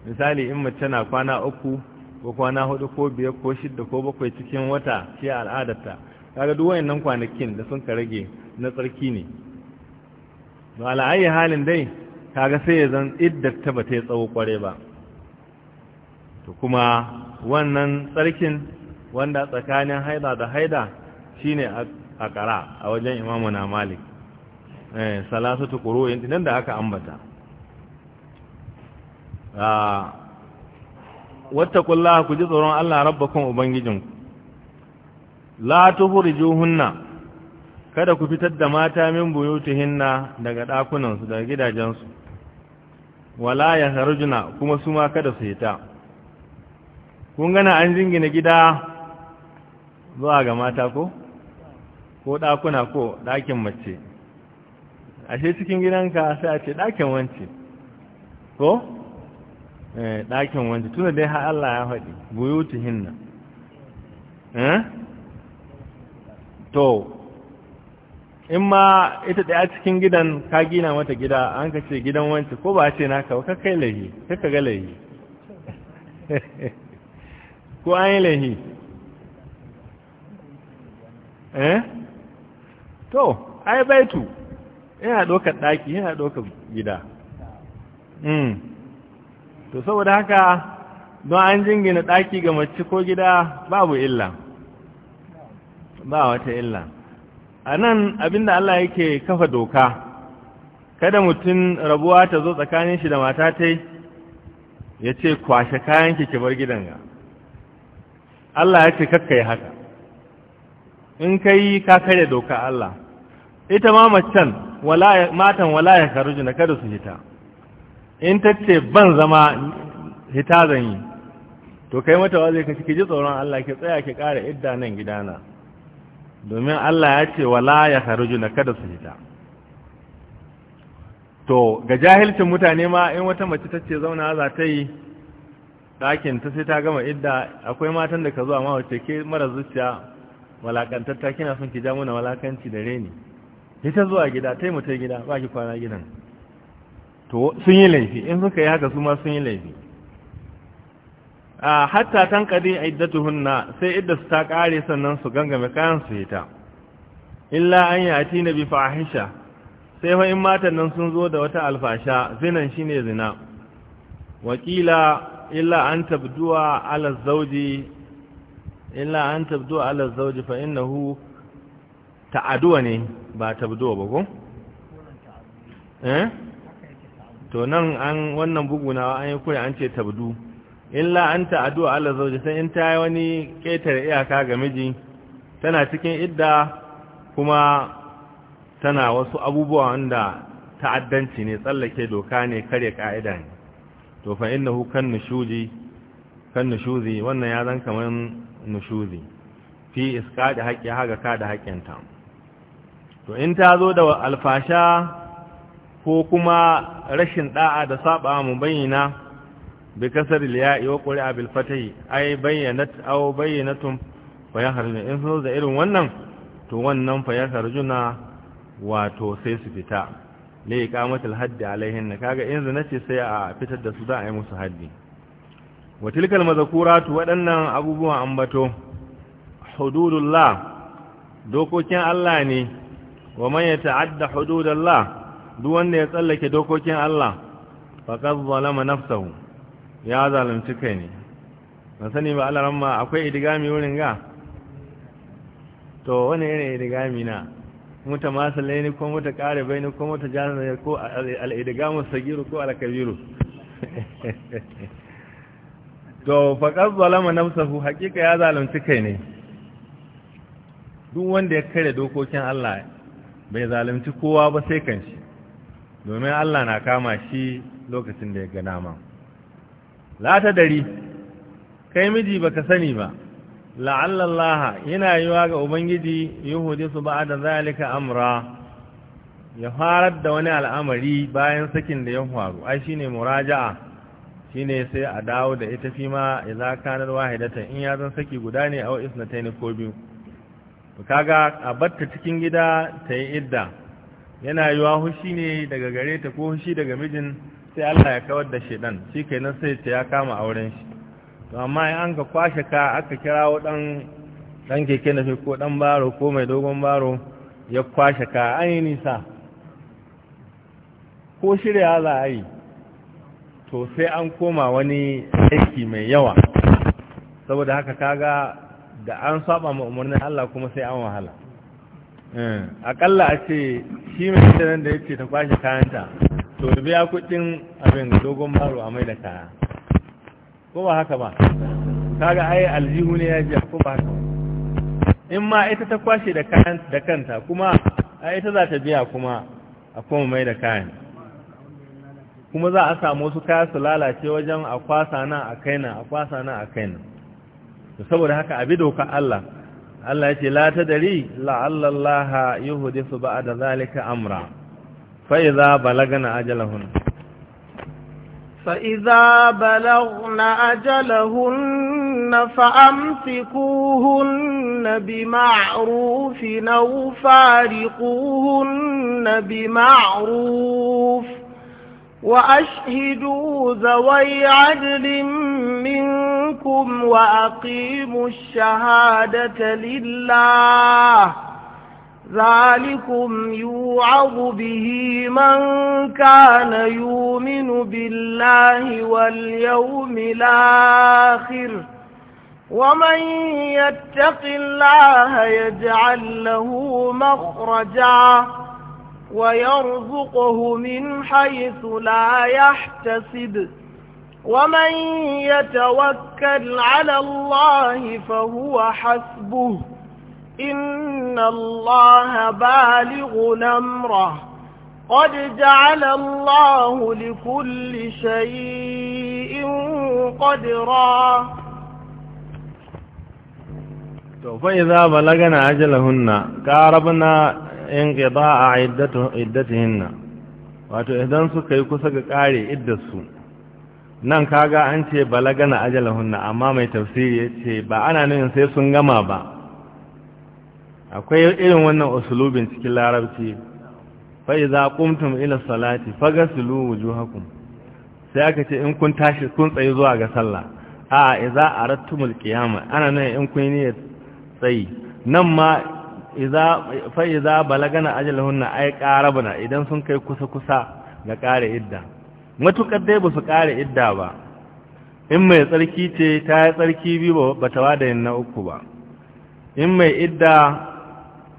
misali in mace na kwana uku ko kwana hudu ko biyar ko shidda ko bakwai cikin wata ce al'adarta kaga duk wayannan kwanakin da sun ka rage na tsarki ne Ba ala'ayi halin dai kaga sai ya zan iddar ta bata tsawo kware ba to kuma wannan tsarkin wanda tsakanin haida da haida shine a kara a wajen imamu na malik Eh, salasatu ƙuru'in nan da aka ambata ah, wata kulla ku ji tsoron Allah ubangijin Ubangijinku la tuhrijuhunna kada ku fitar da mata min buyutihinna daga ɗakunansu daga gidajensu wala ya harjuna kuma su ma kada su hita kun gana an jingina gida zuwa ga mata ko ko ɗakuna ko ɗakin mace ashe cikin gidanka sai a ce ɗakin wance ko eh, ɗakin wance tuna dai ha Allah ya faɗi buyutu hinna eh? to in ma ita ɗaya cikin gidan ka gina mata gida an ka ce gidan wance ko ba ce naka ka kai lahi ka ka ga lahi ko an yi lahi eh to ai baitu yana ɗaukar ɗaki yana ɗaukar gida hmm. to saboda haka don an jingina ɗaki ga mace ko gida babu illa ba wata illa a nan abinda Allah yake kafa doka kada mutum rabuwa ta zo tsakanin shi da mata ta ya ce kwashe kayan ki bar gidan ga Allah ya ce kakka yi haka in ka yi ka doka Allah ita ma macen matan wala ya na kada su hita in ta ce ban zama hita zan yi to kai mata wa zai kashi ki ji tsoron Allah ki tsaya ki ƙara idda nan gidana domin Allah ya ce wala ya na kada su hita to ga jahilcin mutane ma in wata mace ta ce zauna za ta yi ɗakin ta sai ta gama idda akwai matan da ka zuwa ma wace ke mara zuciya ta kina son ki ja muna walakanci da reni ita zuwa gida ta yi gida ba ki kwana gidan to sun yi laifi in suka yi haka su ma sun yi laifi a hatta tan kadi iddatuhunna sai idda su ta kare sannan su gangame kayan su yi ta illa an yi ati na bi fahisha sai fa matan nan sun zo da wata alfasha zinan shine zina wakila illa an tabduwa ala zauji illa an tabduwa zauji fa innahu ta'aduwa ne ba ta tabduwa ba ko eh to nan an wannan bugunawa an yi kure an ce tabdu illa an ta'aduwa ala zauji sai in ta yi wani ƙetare iyaka ga miji tana cikin idda kuma tana wasu abubuwa wanda ta'addanci ne tsallake doka ne kare ka'ida ne to fa innahu kan nushuzi kan nushuzi wannan ya zan kaman nushuzi fi iska da haƙƙi haga ka da haƙƙinta to in ta zo da alfasha ko kuma rashin da'a da saba mu bayyana bi kasar liya'i wa qur'a bil fatahi ay bayyanat aw bayyanatum wa in sun da irin wannan to wannan fa yakhrujuna wato sai su fita ne iqamatul haddi alaihin kaga in na ce sai a fitar da su da a musu haddi wa tilkal mazkuratu waɗannan abubuwan ambato hududullah dokokin Allah ne wa man yata'adda hududallah duk wanda ya tsallake dokokin Allah faqad zalama nafsahu ya zalunci kai ne ban sani ba Allah ramma akwai idigami wurin ga to wani irin idigami na muta masalai ne ko muta kare bai ne ko muta jana ko al-idigamu sagiru ko al-kabiru to faqad zalama nafsahu hakika ya zalunci kai ne duk wanda ya kare dokokin Allah bai zalunci kowa ba sai kan shi domin Allah na kama shi lokacin da ya ga nama lata dari kai miji baka sani ba la'allallaha yana yiwa ga ubangiji su ba'da zalika amra ya harar da wani al'amari bayan sakin da ya faru ai shine muraja'a shine sai a dawo da ita fi ma idza kanar wahidatan in ya zan saki guda ne aw isnatayn ko biyu kaga a batta cikin gida ta yi idda yana yiwa hushi ne daga gare ta ko hushi daga mijin sai Allah ya kawar da shedan shi kenan sai ta ya kama auren shi to amma in an ka kwashe ka aka kirawo dan dan keke nafi ko dan baro ko mai dogon baro ya kwashe ka an yi nisa ko shirya za a yi to sai an koma wani aiki mai yawa saboda haka kaga da an saba ma umarnin Allah kuma sai an wahala eh, Aƙalla a ce shi mai nan da ya ce ta kwashe kayanta to biya kudin abin dogon baro a mai da kaya ko ba haka ba Ta ga ai aljihu ne ya jiya. ko ba haka in ma ita ta kwashe da kanta kuma a ita za ta biya kuma a kuma mai da kayan kuma za a samu su kaya su lalace wajen a kwasa nan a kaina a kwasa nan a kaina saboda haka abi doka Allah Allah ya ce la tadari la'alla Allah yuhdithu ba'da zalika amra fa idza balagna ajalahun fa idza balagna ajalahun فأمسكوهن بمعروف أو فارقوهن بمعروف وأشهدوا ذوي عدل منكم ربكم وأقيموا الشهادة لله ذلكم يوعظ به من كان يؤمن بالله واليوم الآخر ومن يتق الله يجعل له مخرجا ويرزقه من حيث لا يحتسب ومن يتوكل على الله فهو حسبه إن الله بالغ نمره قد جعل الله لكل شيء قدرا فإذا بلغنا أجلهن كاربنا انقضاء عدتهن واتو idan suka yi إدسون nan kaga an ce balagana ajalahunna amma mai tafsiri ya ce ba ana nuna sai sun gama ba akwai irin wannan usulubin cikin larabci fa'iza kumtum ila salati fagasilu wujuhakum sai aka ce in kun tashi kun tsaye zuwa ga sallah a iza arattumul qiyama ana nuna in kun ne tsayi nan ma iza fa'iza balagana ajalahunna ay qarabna idan sun kai kusa kusa ga kare idda matuƙar dai ba su ƙare idda ba in mai tsarki ce ta yi tsarki biyu ba ta wada yin na uku ba in mai idda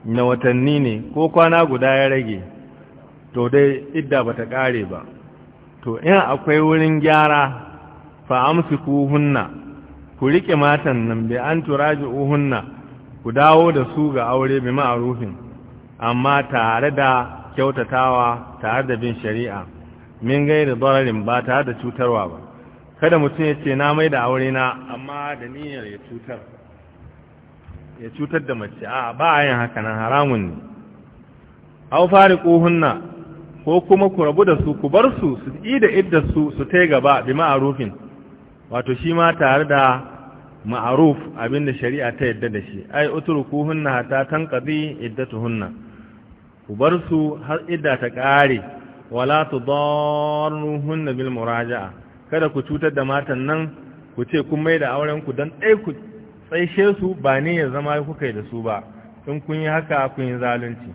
na watanni ne ko kwana guda ya rage to dai idda ba ta ƙare ba to in akwai wurin gyara fa ku hunna ku riƙe matan nan bai an ji uhunna ku dawo da su ga aure bi ma'arufin amma tare da kyautatawa tare da bin shari'a min gairi dararin ba ta da cutarwa ba kada mutum ya ce na mai da aure na amma da niyyar ya cutar ya cutar da mace a ba a yin haka nan haramun ne au fari ko kuma ku rabu da su ku bar su su yi da idda su su ta gaba bi ma'arufin wato shi ma tare da ma'aruf abinda shari'a ta yadda da shi ai uturu kohunna ta tanqadi iddatuhunna ku bar su har idda ta ƙare. wala tudarruhunna bil muraja'a kada ku cutar da matan nan ku ce kun mai da auren ku dan dai ku tsaishe su ba ne ya zama kuka da su ba in kun yi haka kun yi zalunci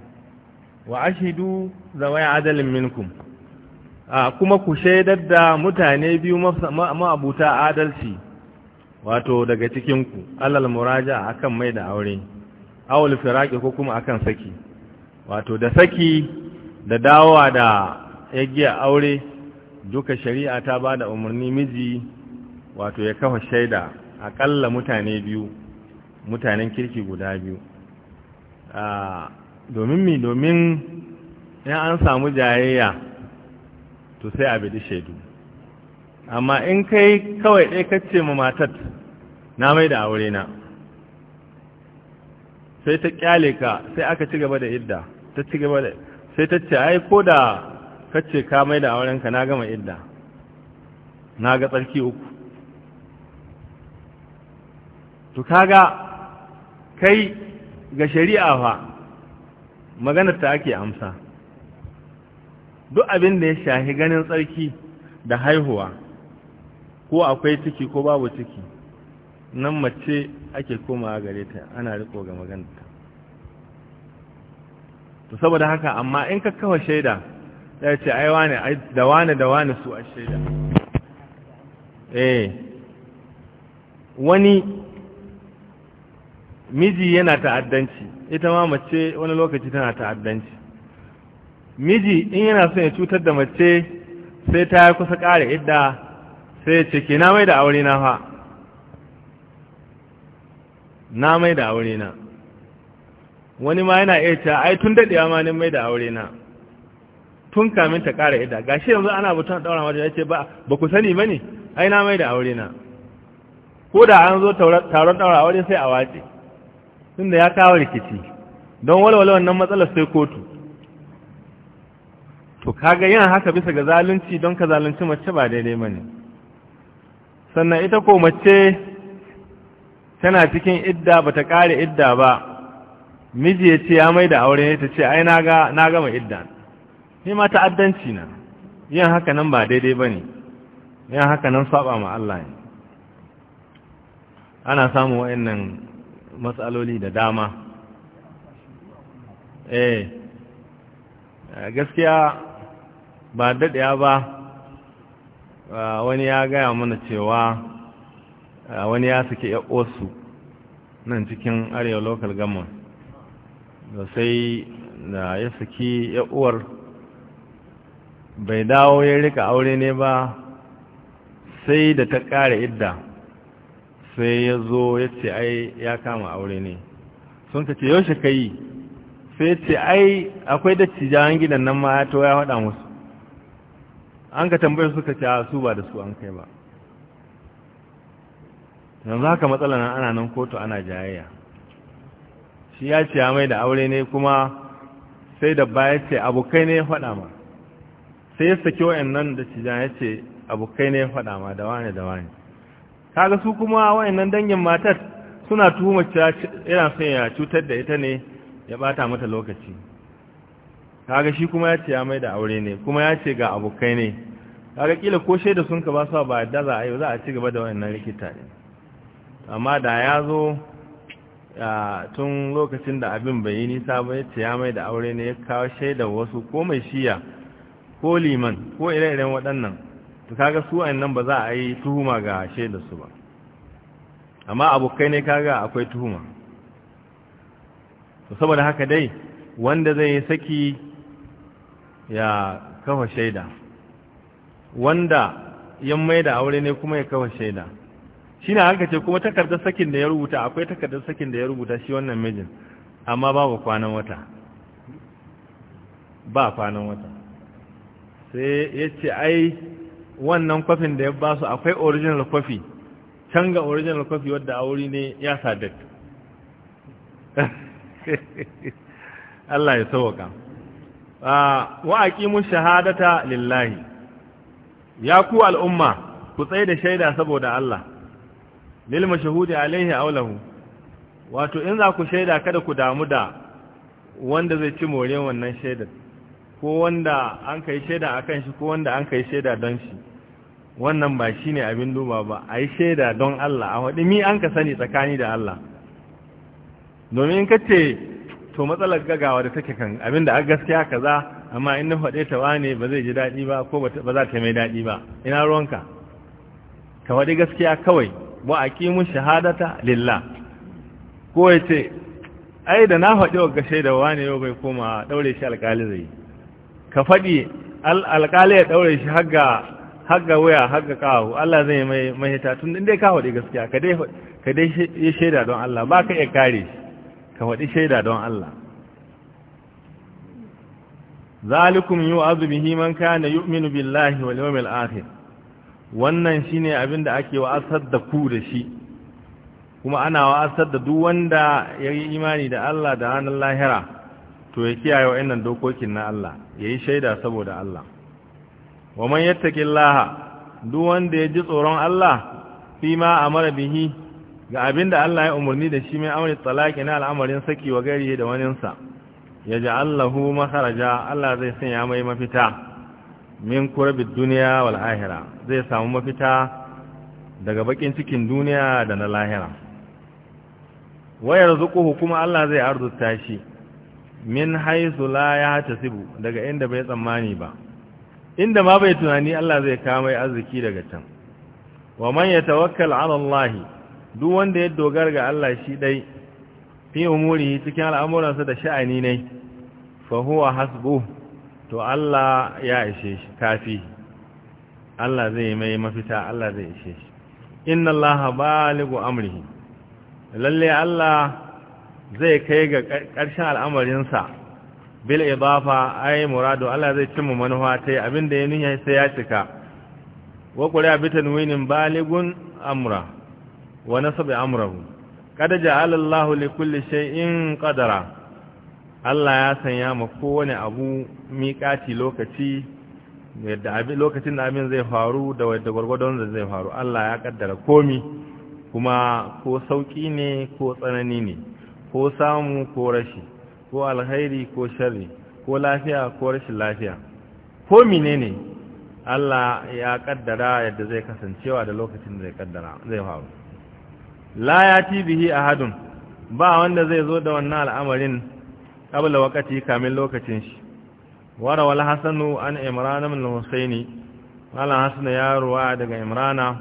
wa ashidu zawaya adalin minkum a kuma ku shaidar da mutane biyu ma'abuta adalci wato daga cikinku alal muraja akan mai da aure awul firaki ko kuma akan saki wato da saki da dawowa da yage aure duka shari'a ta ba da umarni miji wato ya kafa shaida akalla mutane biyu mutanen kirki guda biyu domin mi domin in an samu jayayya to sai a bidi shaidu amma in kai kawai ɗaya kacce ma matar na mai da aure na sai ta kyale ka sai aka ci gaba da idda ta ci gaba da sai ta ce ai ko da kace ka mai da aurenka na gama idda na ga tsarki uku to kaga kai ga shari'a fa maganar ta ake amsa duk abin da ya shahi ganin tsarki da haihuwa ko akwai ciki ko babu ciki nan mace ake komawa gare ta ana riko ga maganar to saboda haka amma in ka kawo shaida ya ce ai wane da wane da wane su a shaida eh wani miji yana ta'addanci ita ma mace wani lokaci tana ta'addanci miji in yana son ya cutar da mace sai ta yi kusa ƙara idda sai ya ce ke na mai da aure na fa na mai da aure na wani ma yana iya ta ai tun daɗewa ma ne mai da aure na tun kamin ta ƙara Ga gashi yanzu ana butun ɗaura mata ya ce ba ba ku sani ba ne ai na mai da aure na ko da an zo taron ɗaura aure sai a wace tun da ya kawo rikici don walwala wannan matsalar sai kotu to kaga yin haka bisa ga zalunci don ka zalunci mace ba daidai ba ne sannan ita ko mace tana cikin idda ba ta ƙare idda ba miji ya ce ya mai da aure ne ta ce ai na gama idda ni ma ta'addanci na yin haka nan ba daidai ba ne yin haka nan saba ma Allah ne ana samun wa'annan matsaloli da dama eh gaskiya ba daɗaya ba ah, wani ya gaya mana cewa ah, wani ya suke yaƙosu nan cikin arewa local government da sai da ya saki ya uwar bai dawo ya rika aure ne ba sai da ta ƙare idda sai ya zo ya ce ai ya kama aure ne sun ka ce yaushe ka yi sai ce ai akwai jawon gidan nan ma ya to ya waɗa musu an ka tambayar suka ce su ba da su an kai ba yanzu haka nan ana nan kotu ana jayayya shi ya ce ya mai da aure ne kuma sai da ba ya ce abokai ne ya faɗa ma sai ya saki nan da cijan ya ce abokai ne ya faɗa ma da wani da wani kaga su kuma nan dangin matar suna tuhumar yana son ya cutar da ita ne ya bata mata lokaci kaga shi kuma ya ce ya mai da aure ne kuma ya ce ga abokai ne kaga kila ko shaida sun ka ba su ba yadda za a yi za a ci gaba da nan rikita ne amma da ya zo tun lokacin da abin bai yi nisa ba ya ce ya mai da aure ne ya kawo shaida wasu ko mai shiya ko liman ko ire-iren waɗannan to kaga su nan ba za a yi tuhuma ga shaida su ba amma abokai ne kaga akwai tuhuma to saboda haka dai wanda zai saki ya kafa shaida wanda yan mai da aure ne kuma ya kafa shaida shi na hankace kuma takardar sakin da ya rubuta akwai takardar sakin da ya rubuta shi wannan mijin amma babu kwanan wata ba kwanan wata sai ya ce ai wannan kwafin da ya ba su akwai original kwafi can ga original kwafi wadda a wuri ne ya sadat Allah ya sauwaka wa mun shahadata lillahi ya ku al'umma ku tsaye da shaida saboda Allah lil mashhudi alaihi aulahu wato in za ku shaida kada ku damu da wanda zai ci more wannan shaidar ko wanda an kai shaida akan shi ko wanda an kai shaida don shi wannan ba shine abin duba ba a yi shaida don Allah a waɗi mi an ka sani tsakani da Allah domin ka ce to matsalar gagawa da take kan abin da a gaskiya kaza amma in na faɗe ta wane ba zai ji daɗi ba ko ba za ta mai daɗi ba ina ruwanka ka faɗi gaskiya kawai wa aqimu shahadata lillah ko yace ai da na faɗi wa da wani yau bai koma daure shi alƙali zai ka faɗi alƙali ya daure shi hagga hagga waya hagga kawo Allah zai mai mahita tun inda ka faɗi gaskiya ka dai ka dai yi shaida don Allah ba ka iya kare ka faɗi shaida don Allah zalikum a'zumi bihi man kana yu'minu billahi wal yawmil akhir wannan shi ne abin da ake wa'asar da ku da shi kuma ana wa'asar da duk wanda ya yi imani da Allah da ranar lahira to ya kiyaye wa'annan dokokin na Allah ya yi shaida saboda Allah wa man Laha, duk wanda ya ji tsoron Allah fi ma mara bihi ga abin da Allah ya umarni da shi mai amri tsalaki na al'amarin saki wa gari da waninsa ya ja'allahu makharaja Allah zai sanya mai mafita min kurabid duniya wal ahira zai samu mafita daga bakin cikin duniya da na lahira wayar zukuhu kuma Allah zai arzuta shi min haisu la ya tasibu daga inda bai tsammani ba inda ma bai tunani Allah zai kama arziki daga can wa man yatawakkal ala Allah duk wanda ya dogara ga Allah shi dai fi umuri cikin al'amuransa da sha'ani ne fa huwa hasbuhu to Allah ya ishe shi kafi Allah zai mai mafita Allah zai ishe shi inna Allah baligu amrihi lalle Allah zai kai ga ƙarshen sa. bil idafa ai muradu Allah zai cimma manufa ta abinda ya nuna sai ya cika wa qura bi tanwinin baligun amra wa nasab amrahu Kada ja'ala Allah li kulli shay'in qadara Allah ya sanya ma kowane abu miƙaci lokaci yadda lokacin da abin zai faru da wadda gwargwadon da zai faru Allah ya kaddara komi kuma ko sauƙi ne ko tsanani ne ko samu ko rashi ko alhairi ko sharri ko lafiya ko rashin lafiya Komi ne ne. Allah ya kaddara yadda zai kasancewa da lokacin da zai kaddara zai faru la yati bihi ahadun ba wanda zai zo da wannan al'amarin قبل وقته kamin lokacin shi, وروى الحسن عن عمران بن الحسين قال حسن يا روى daga عمران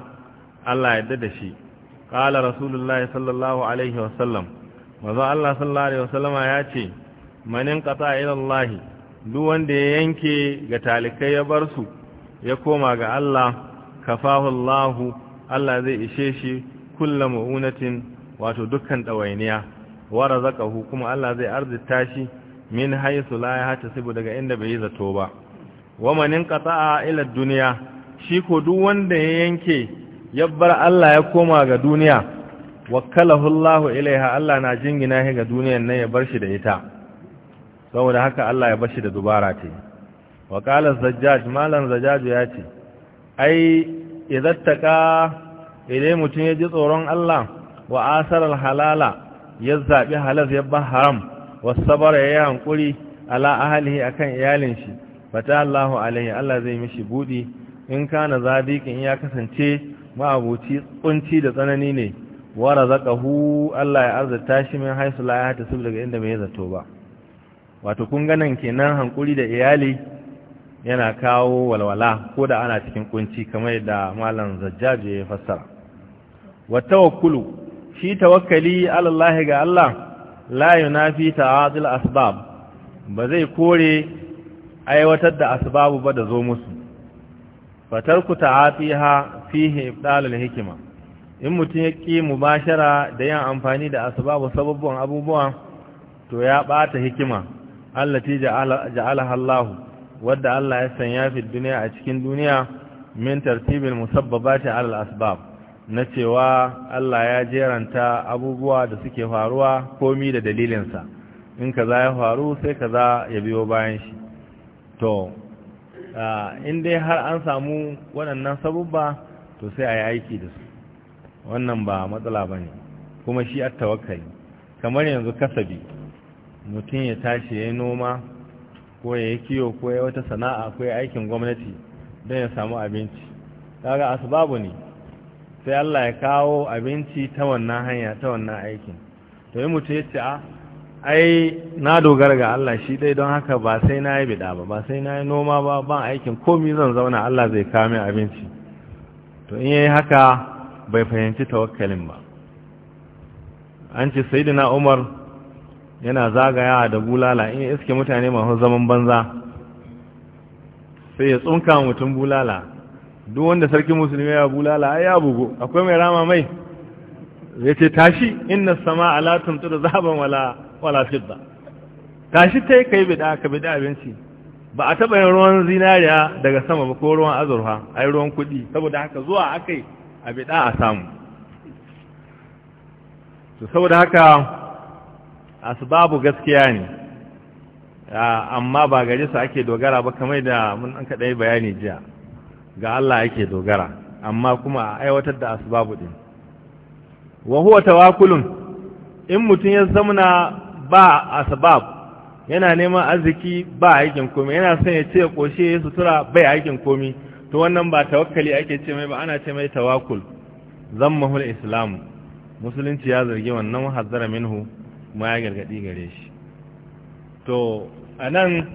Allah ya da shi qala rasulullahi sallallahu alaihi wasallam manzo Allah sallallahu alaihi wasallam ya ce manin qata ila Allah duk wanda ya yanke ga talikai ya bar su ya koma ga Allah kafahu Allah Allah zai ishe shi kullu mu'unatin wato dukkan ɗawainiya. wa hu, kuma Allah zai arzita shi min haythu la sibu daga inda bai yi zato ba wa man a ila duniya shi ko duk wanda ya yanke ya bar Allah ya koma ga duniya wakkalahu Allah ilaiha Allah na jingina shi ga duniyar nan ya bar shi da ita saboda haka Allah ya bar shi da dubara ce wa qala zajjaj malan zajjaj ya ce ai idan taka mutun ya ji tsoron Allah wa asar halala ya zaɓi halas ya ba haram wasabara ya yi hankuri ala ahalihi akan iyalin shi fata Allahu alaihi Allah zai mishi buɗi in kana kan ya kasance ma'abuci ƙunci da tsanani ne wara wa hu Allah ya arzata shi min haisu la tasu daga inda mai zato ba wato kun ganin kenan hankuri da iyali yana kawo walwala ko da ana cikin kunci kamar da malam zajjaj ya fassara wa tawakkulu shi tawakkali alallahi ga Allah la yunafi ta'atil asbab ba zai kore aiwatar da asbabu ba da zo musu fatarku ta'atiha fihi ibdalul hikima in mutum ya ki mubashara da yin amfani da asbabu sababban abubuwa to ya bata hikima allati ja'alaha Allah wadda Allah ya sanya fi duniya a cikin duniya min tartibil musabbabati ala asbab na cewa Allah ya jeranta abubuwa da suke faruwa komi da dalilinsa in kaza ya faru sai kaza ya biyo bayan shi to in dai har an samu waɗannan sabubba to sai a yi aiki da su wannan ba matsala ba ne kuma shi a kamar yanzu kasabi mutum ya tashi ya noma ko ya kiwo kiyo ko ya wata sana'a ko ya aikin gwamnati don ya samu abinci daga asibabu ne sai Allah ya kawo abinci ta wannan hanya ta wannan aikin to yi mutu ya ce a ah, ai na dogara ga Allah shi dai don haka ba sai na yi bida ba ba sai na yi noma ba ban aikin komi zan zauna Allah zai kawo abinci to in yi haka bai fahimci tawakkalin ba an ce na Umar yana zagaya da bulala in iske mutane masu zaman banza sai ya tsunka mutum bulala duk wanda sarkin musulmi ya bulala ya bugu. akwai mai rama mai ya ce tashi inna sama alatun tu da zaban wala wala fidda tashi tai kai bida ka bida abinci ba a taba yin ruwan zinariya daga sama ba ko ruwan azurfa ai ruwan kudi saboda haka zuwa akai a bida a samu to saboda haka asbabu gaskiya ne amma ba gare su ake dogara ba kamar da mun an kadai bayani jiya ga Allah yake dogara amma kuma a aiwatar da asbabu din wa huwa tawakkulun in mutun ya zamana ba asbab yana neman arziki ba aikin komai yana son ya ce koshe ya sutura bai aikin komai to wannan ba tawakkali ake ce mai ba ana ce mai tawakkul zammahul islam musulunci ya zargi wannan hazzara minhu kuma ya gargadi gare shi to anan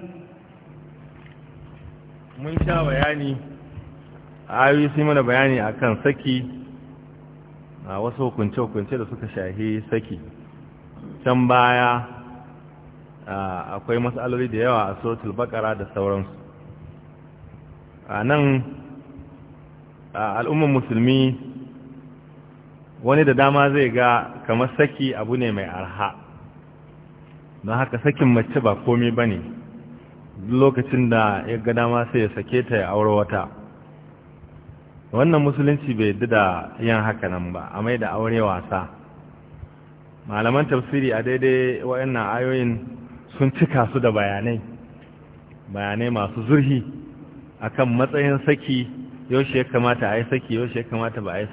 mun sha bayani ayoyi sun mana bayani akan saki a wasu hukunce-hukunce da suka shahi saki can baya akwai matsaloli da yawa a suratul bakara da sauransu a nan al'ummar musulmi wani da dama zai ga kamar saki abu ne mai arha don haka sakin mace ba komi ba ne lokacin da ya ga dama sai ya sake ta ya aure wata wannan musulunci bai yadda da yin haka nan ba a mai da aure wasa malaman tafsiri a daidai waɗannan ayoyin sun cika su da bayanai bayanai masu zurhi akan matsayin saki yaushe ya kamata a yi saki yaushe ya kamata bai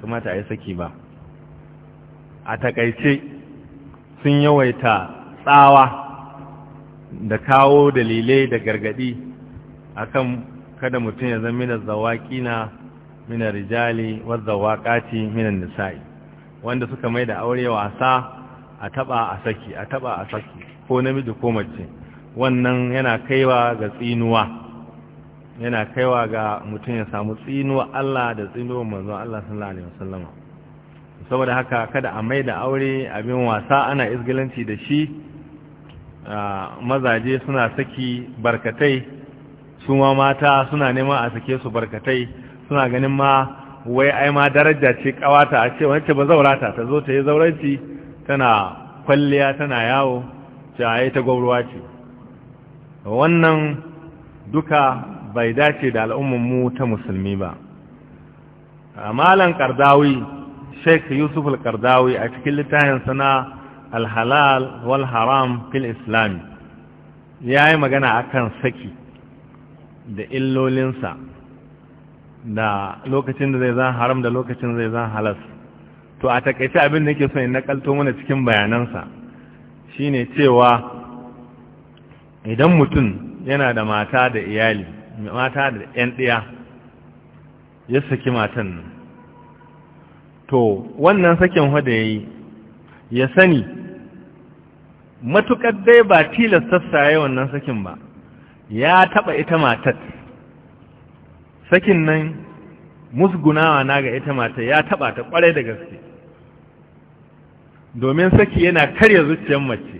kamata a yi saki ba a takaice sun yawaita tsawa da kawo dalilai da gargadi akan kada mutum ya zama da zawaki na من rijali والذواقات من minan nisa'i wanda suka mai da aure wasa a taba a saki a taba a saki ko namiji ko mace wannan yana kaiwa ga tsinuwa yana kaiwa ga mutum ya samu tsinuwa Allah da tsinuwa manzo Allah sallallahu alaihi wasallama saboda haka kada a mai da aure abin wasa ana izgilanci da shi mazaje suna saki barkatai su mata suna neman a sake su barkatai suna ganin ma wai ai ma daraja ce kawata a ce wacce ba zaurata ta zo ta yi zauranci tana kwalliya tana yawo ce a ta gwauruwa ce wannan duka bai dace da mu ta musulmi ba malan kardawi sheik yusuf al-kardawi a cikin littafin sana alhalal wal haram fil islami ya yi magana akan saki da illolinsa da lokacin da zai zan haram da lokacin zai zan halas to a takaice abin da yake so in nakalto mana cikin bayanansa shine cewa idan mutum yana da mata da iyali mata da ƴan ɗiya ya saki matan nan to wannan sakin hu yayi ya sani Matuƙar dai ba tilasta saye wannan sakin ba ya taɓa ita matar sakin nan musgunawa na ga ita mata ya taɓa ta kwarai da gaske domin saki yana karya zuciyar mace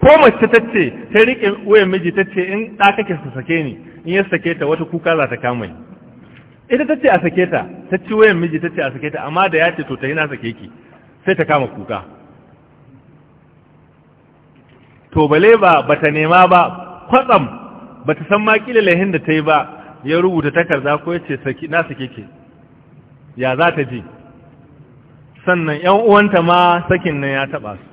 ko mace ta ce ta riƙe wuyan miji ta ce in ɗa kake su sake ni in ya sake ta wata kuka za ta kama ni ita ta ce a sake ta ta ci wuyan miji ta ce a sake ta amma da ya ce to ta yi na sake ki sai ta kama kuka to bale ba ba ta nema ba kwatsam ba ta san ma kila lahin da ta yi ba ya rubuta takarda ko ya ce na sake ke ya za ta ji sannan ‘yan uwanta ma sakin nan ya taɓa su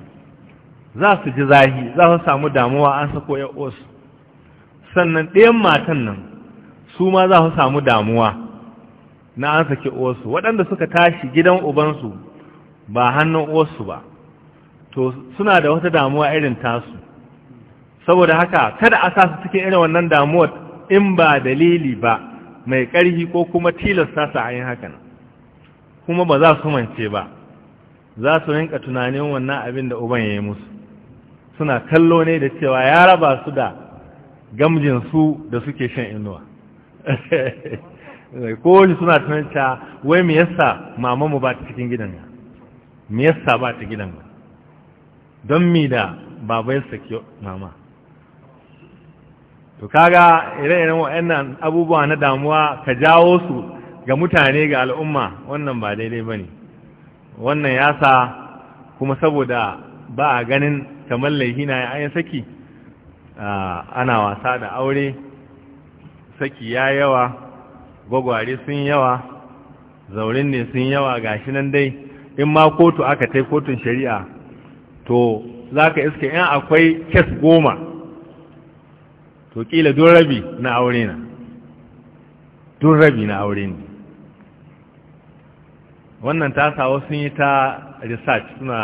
za su ji zahi za su samu damuwa an sako ‘yan uwarsu sannan ɗayan matan nan su ma za su samu damuwa na an sake uwarsu waɗanda suka tashi gidan ubansu ba hannun uwarsu ba to suna da wata damuwa irin tasu saboda haka kada a sa su cikin irin wannan damuwar in ba dalili ba mai ƙarfi ko kuma tilasta su a yin hakan kuma ba za su mance ba za su rinka tunanin wannan abin da uban ya yi musu suna kallo ne da cewa ya raba su da gamjinsu da suke shan inuwa Ko kowace suna tunanta wai me yasa mamamu ba ta cikin gidan ya me yasa ba ta gidan ba don mi da baba ya mama to kaga ire-iren abubuwa na damuwa ka jawo su ga mutane ga al'umma wannan ba daidai ba ne wannan ya sa kuma saboda ba a ganin kamar na a'yan saki ah, ana wasa da aure saki ya yawa gwagware sun yawa zaurin ne sun yawa ga shi nan dai in ma kotu aka tai kotun shari'a to za ka iska in akwai kes goma to kila don rabi na aure na don rabi na aure ne wannan ta sawo sun yi ta research suna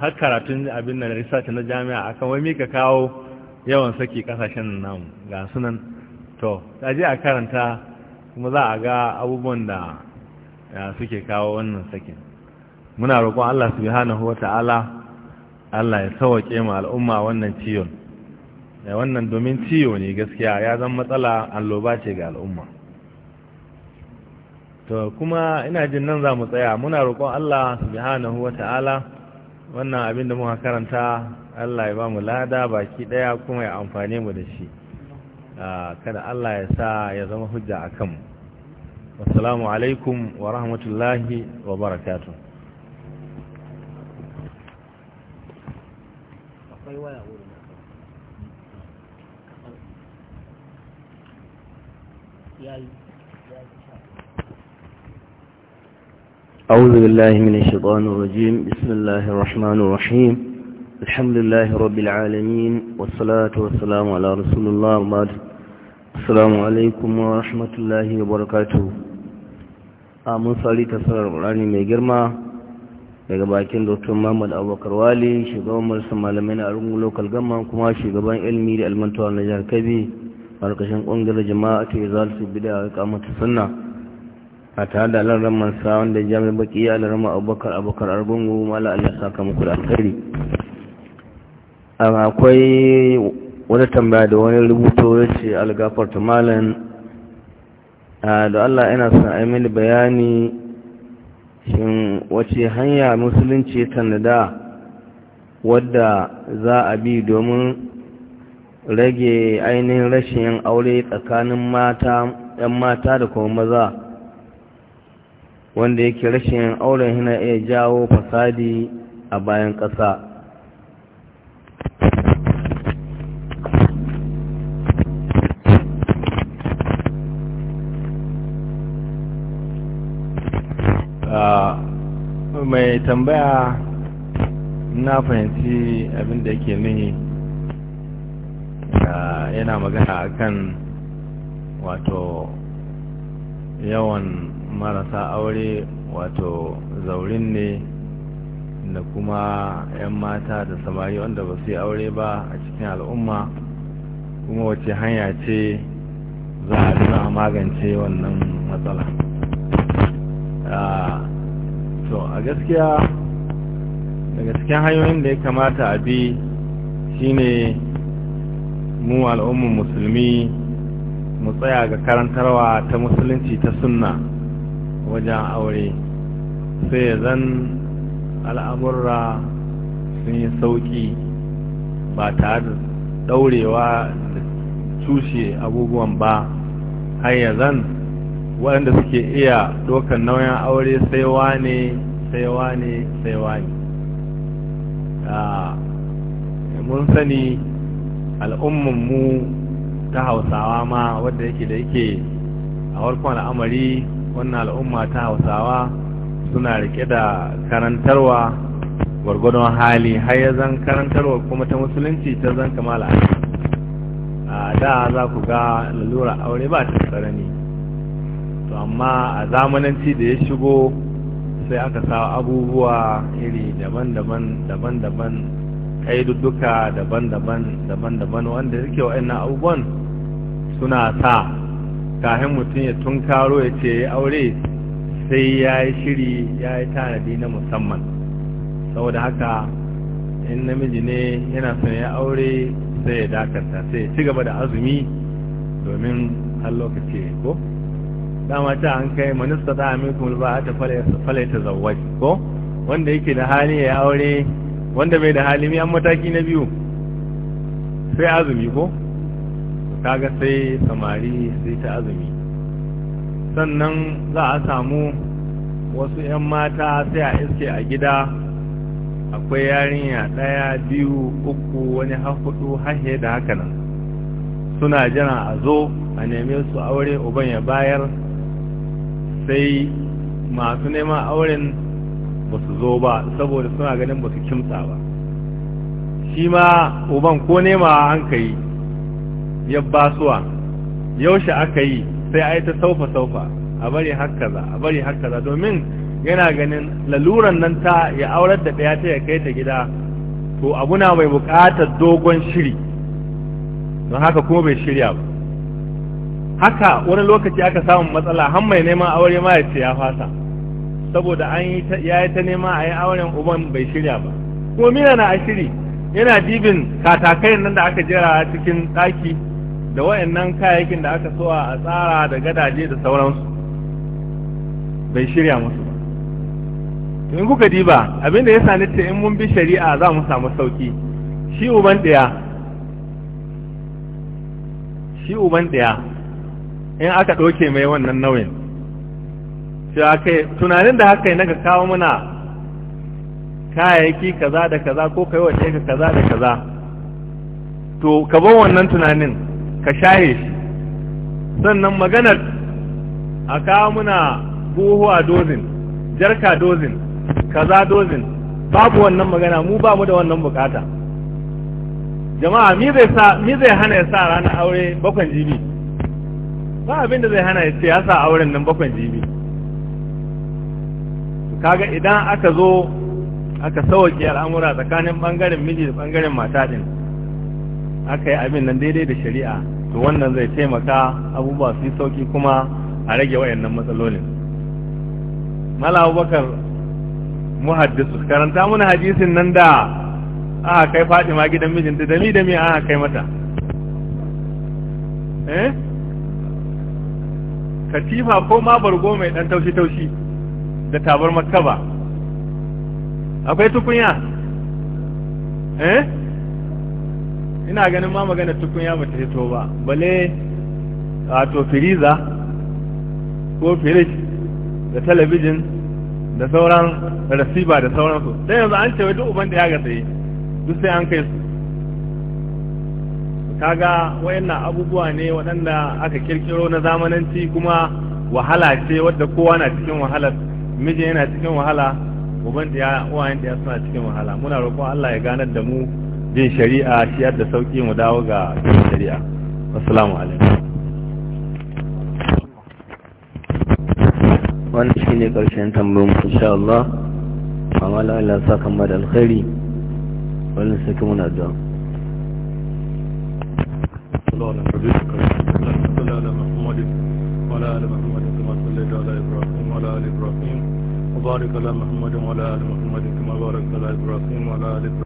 har karatun abin da research na jami'a akan wai mika kawo yawan saki kasashen namu ga sunan to je a karanta kuma za a ga abubuwan da suke kawo wannan sakin muna roƙon Allah subhanahu ta'ala, Allah ya sauke mu al'umma wannan ciyon Eh, wannan domin ciyo ne gaskiya ya zan matsala alloba ce ga al'umma to kuma ina jin nan za mu tsaya muna roƙon Allah subhanahu wa ta'ala wannan abin da muka karanta Allah ya ba mu lada baki ɗaya kuma ya amfane mu da shi ah, kada Allah ya sa ya zama hujja a kanmu assalamu alaikum wa rahmatullahi wa barakatuh أعوذ بالله من الشيطان الرجيم بسم الله الرحمن الرحيم الحمد لله رب mai girma daga bakin dr muhammad abubakar wali shugaban marasa malamai na arungu local gama kuma shugaban ilmi da almantawa na jihar kabi ƙarƙashin ƙungiyar jama'a ta za su bi da kamata suna a tare da alarar mansa wanda jami baki ya alarama abubakar abubakar argungu mala allah saka muku da alkhairi akwai wani tambaya da wani rubuto ya ce algafar malam da allah yana son mini bayani shin wace hanya musulunci tanada wadda za a bi domin rage ainihin rashin aure tsakanin mata ‘yan mata da kuma maza wanda yake rashin auren hina iya jawo fasadi a bayan ƙasa ah, mai tambaya na fahimci abinda da yake nuni yana magana akan wato yawan marasa aure wato zaurin ne da kuma 'yan mata da samari wanda ba su yi aure ba a cikin al'umma kuma wace hanya ce za a magance wannan matsala to a gaskiya daga cikin hanyoyin da ya kamata a bi shine mu al'ummar musulmi mu tsaya ga karantarwa ta musulunci ta sunna wajen aure sai zan al'amurra sun yi sauƙi ba tare da ɗaurewa da cushe abubuwan ba har ya zan waɗanda suke iya ɗaukar nauyin aure sai wane sai wane sai wane ah, mun sani al'umman mu ta hausawa ma wadda yake da yake a farkon al'amari wannan al'umma ta hausawa suna rike da karantarwa gwargwadon hali har ya zan karantarwa kuma ta musulunci ta zan kamala a da za ku ga lalura aure ba ta tsarani to amma a zamananci da ya shigo sai aka sa abubuwa iri daban-daban daban-daban kaidudduka daban-daban daban-daban wanda suke wa'annan abubuwan suna sa kafin mutum ya tunkaro ya ce ya aure sai ya yi shiri ya yi tanadi na musamman saboda haka in namiji ne yana son ya aure sai ya dakata sai ya ci gaba da azumi domin har lokaci ko dama ta an kai manista ta amikul ba ta falaita zawaj ko wanda yake da hali ya aure wanda bai da halimi an mataki na biyu sai azumi ko kaga sai samari sai ta azumi sannan za a samu wasu 'yan mata sai a iske a gida akwai yarinya ɗaya biyu uku wani hafudu hahe da haka nan suna jira a zo a neme su aure uban ya bayar sai masu neman auren ba su zo ba saboda suna ganin ba su kimtsa ba shi ma uban ko nema an ka yi ya basuwa yaushe aka yi sai a yi ta saufa saufa a bari hakaza a bari hakaza domin yana ganin laluran nan ta ya aurar da ɗaya ta ya kai ta gida to abu na mai buƙatar dogon shiri don haka kuma bai shirya ba haka wani lokaci aka samun matsala har mai neman aure ma ya ce ya fasa saboda an ya yi ta nema a yi auren uban bai shirya ba kuma mina na ashiri yana dibin katakai nan da aka jera cikin ɗaki da wayannan kayayyakin da aka so a tsara da gadaje da sauransu bai shirya musu ba in kuka diba abin da ya sani ce in mun bi shari'a za mu samu sauki shi uban ɗaya shi uban ɗaya in aka ɗauke mai wannan nauyin cewa kai tunanin da haka na ka kawo muna kayayyaki kaza da kaza ko kai wace ka kaza da kaza to ka bar wannan tunanin ka shaye shi sannan maganar a kawo muna buhuwa dozin jarka dozin kaza dozin babu wannan magana mu ba mu da wannan bukata jama'a mi zai sa mi zai hana ya sa ranar aure bakwan jibi ba abin da zai hana ya ce ya sa auren nan bakwan jibi kaga idan aka zo aka sauke al'amura tsakanin bangaren miji da bangaren mata din aka yi abin nan daidai da shari'a to wannan zai taimaka abubuwa su yi sauki kuma a rage wayannan matsalolin mala abubakar muhaddisu karanta mana hadisin nan da aka kai fatima gidan mijinta da mi da mi aka kai mata eh katifa ko ma bargo mai dan taushi taushi da tabarmar makaba akwai tukunya eh ina ganin ma magana tukunya ba ta hito ba bale wato firiza ko firij da talabijin da sauran rasiba da sauransu sai yanzu an ce wai duk uban da ya ga duk sai an kai su kaga wayannan abubuwa ne waɗanda aka kirkiro na zamananci kuma wahala ce wadda kowa na cikin wahalar mijin yana cikin wahala uban da ya uwayen da ya suna cikin wahala muna roƙon Allah ya ganar da mu jin shari'a shi da sauki mu dawo ga jin shari'a assalamu alaikum wannan shine karshen tambayar mu insha Allah amma la saka alkhairi wannan saki muna da kama sallaita ala Ibrahim ala Ibrahim وبارك على محمد وعلى آل محمد كما باركت على إبراهيم وعلى آل إبراهيم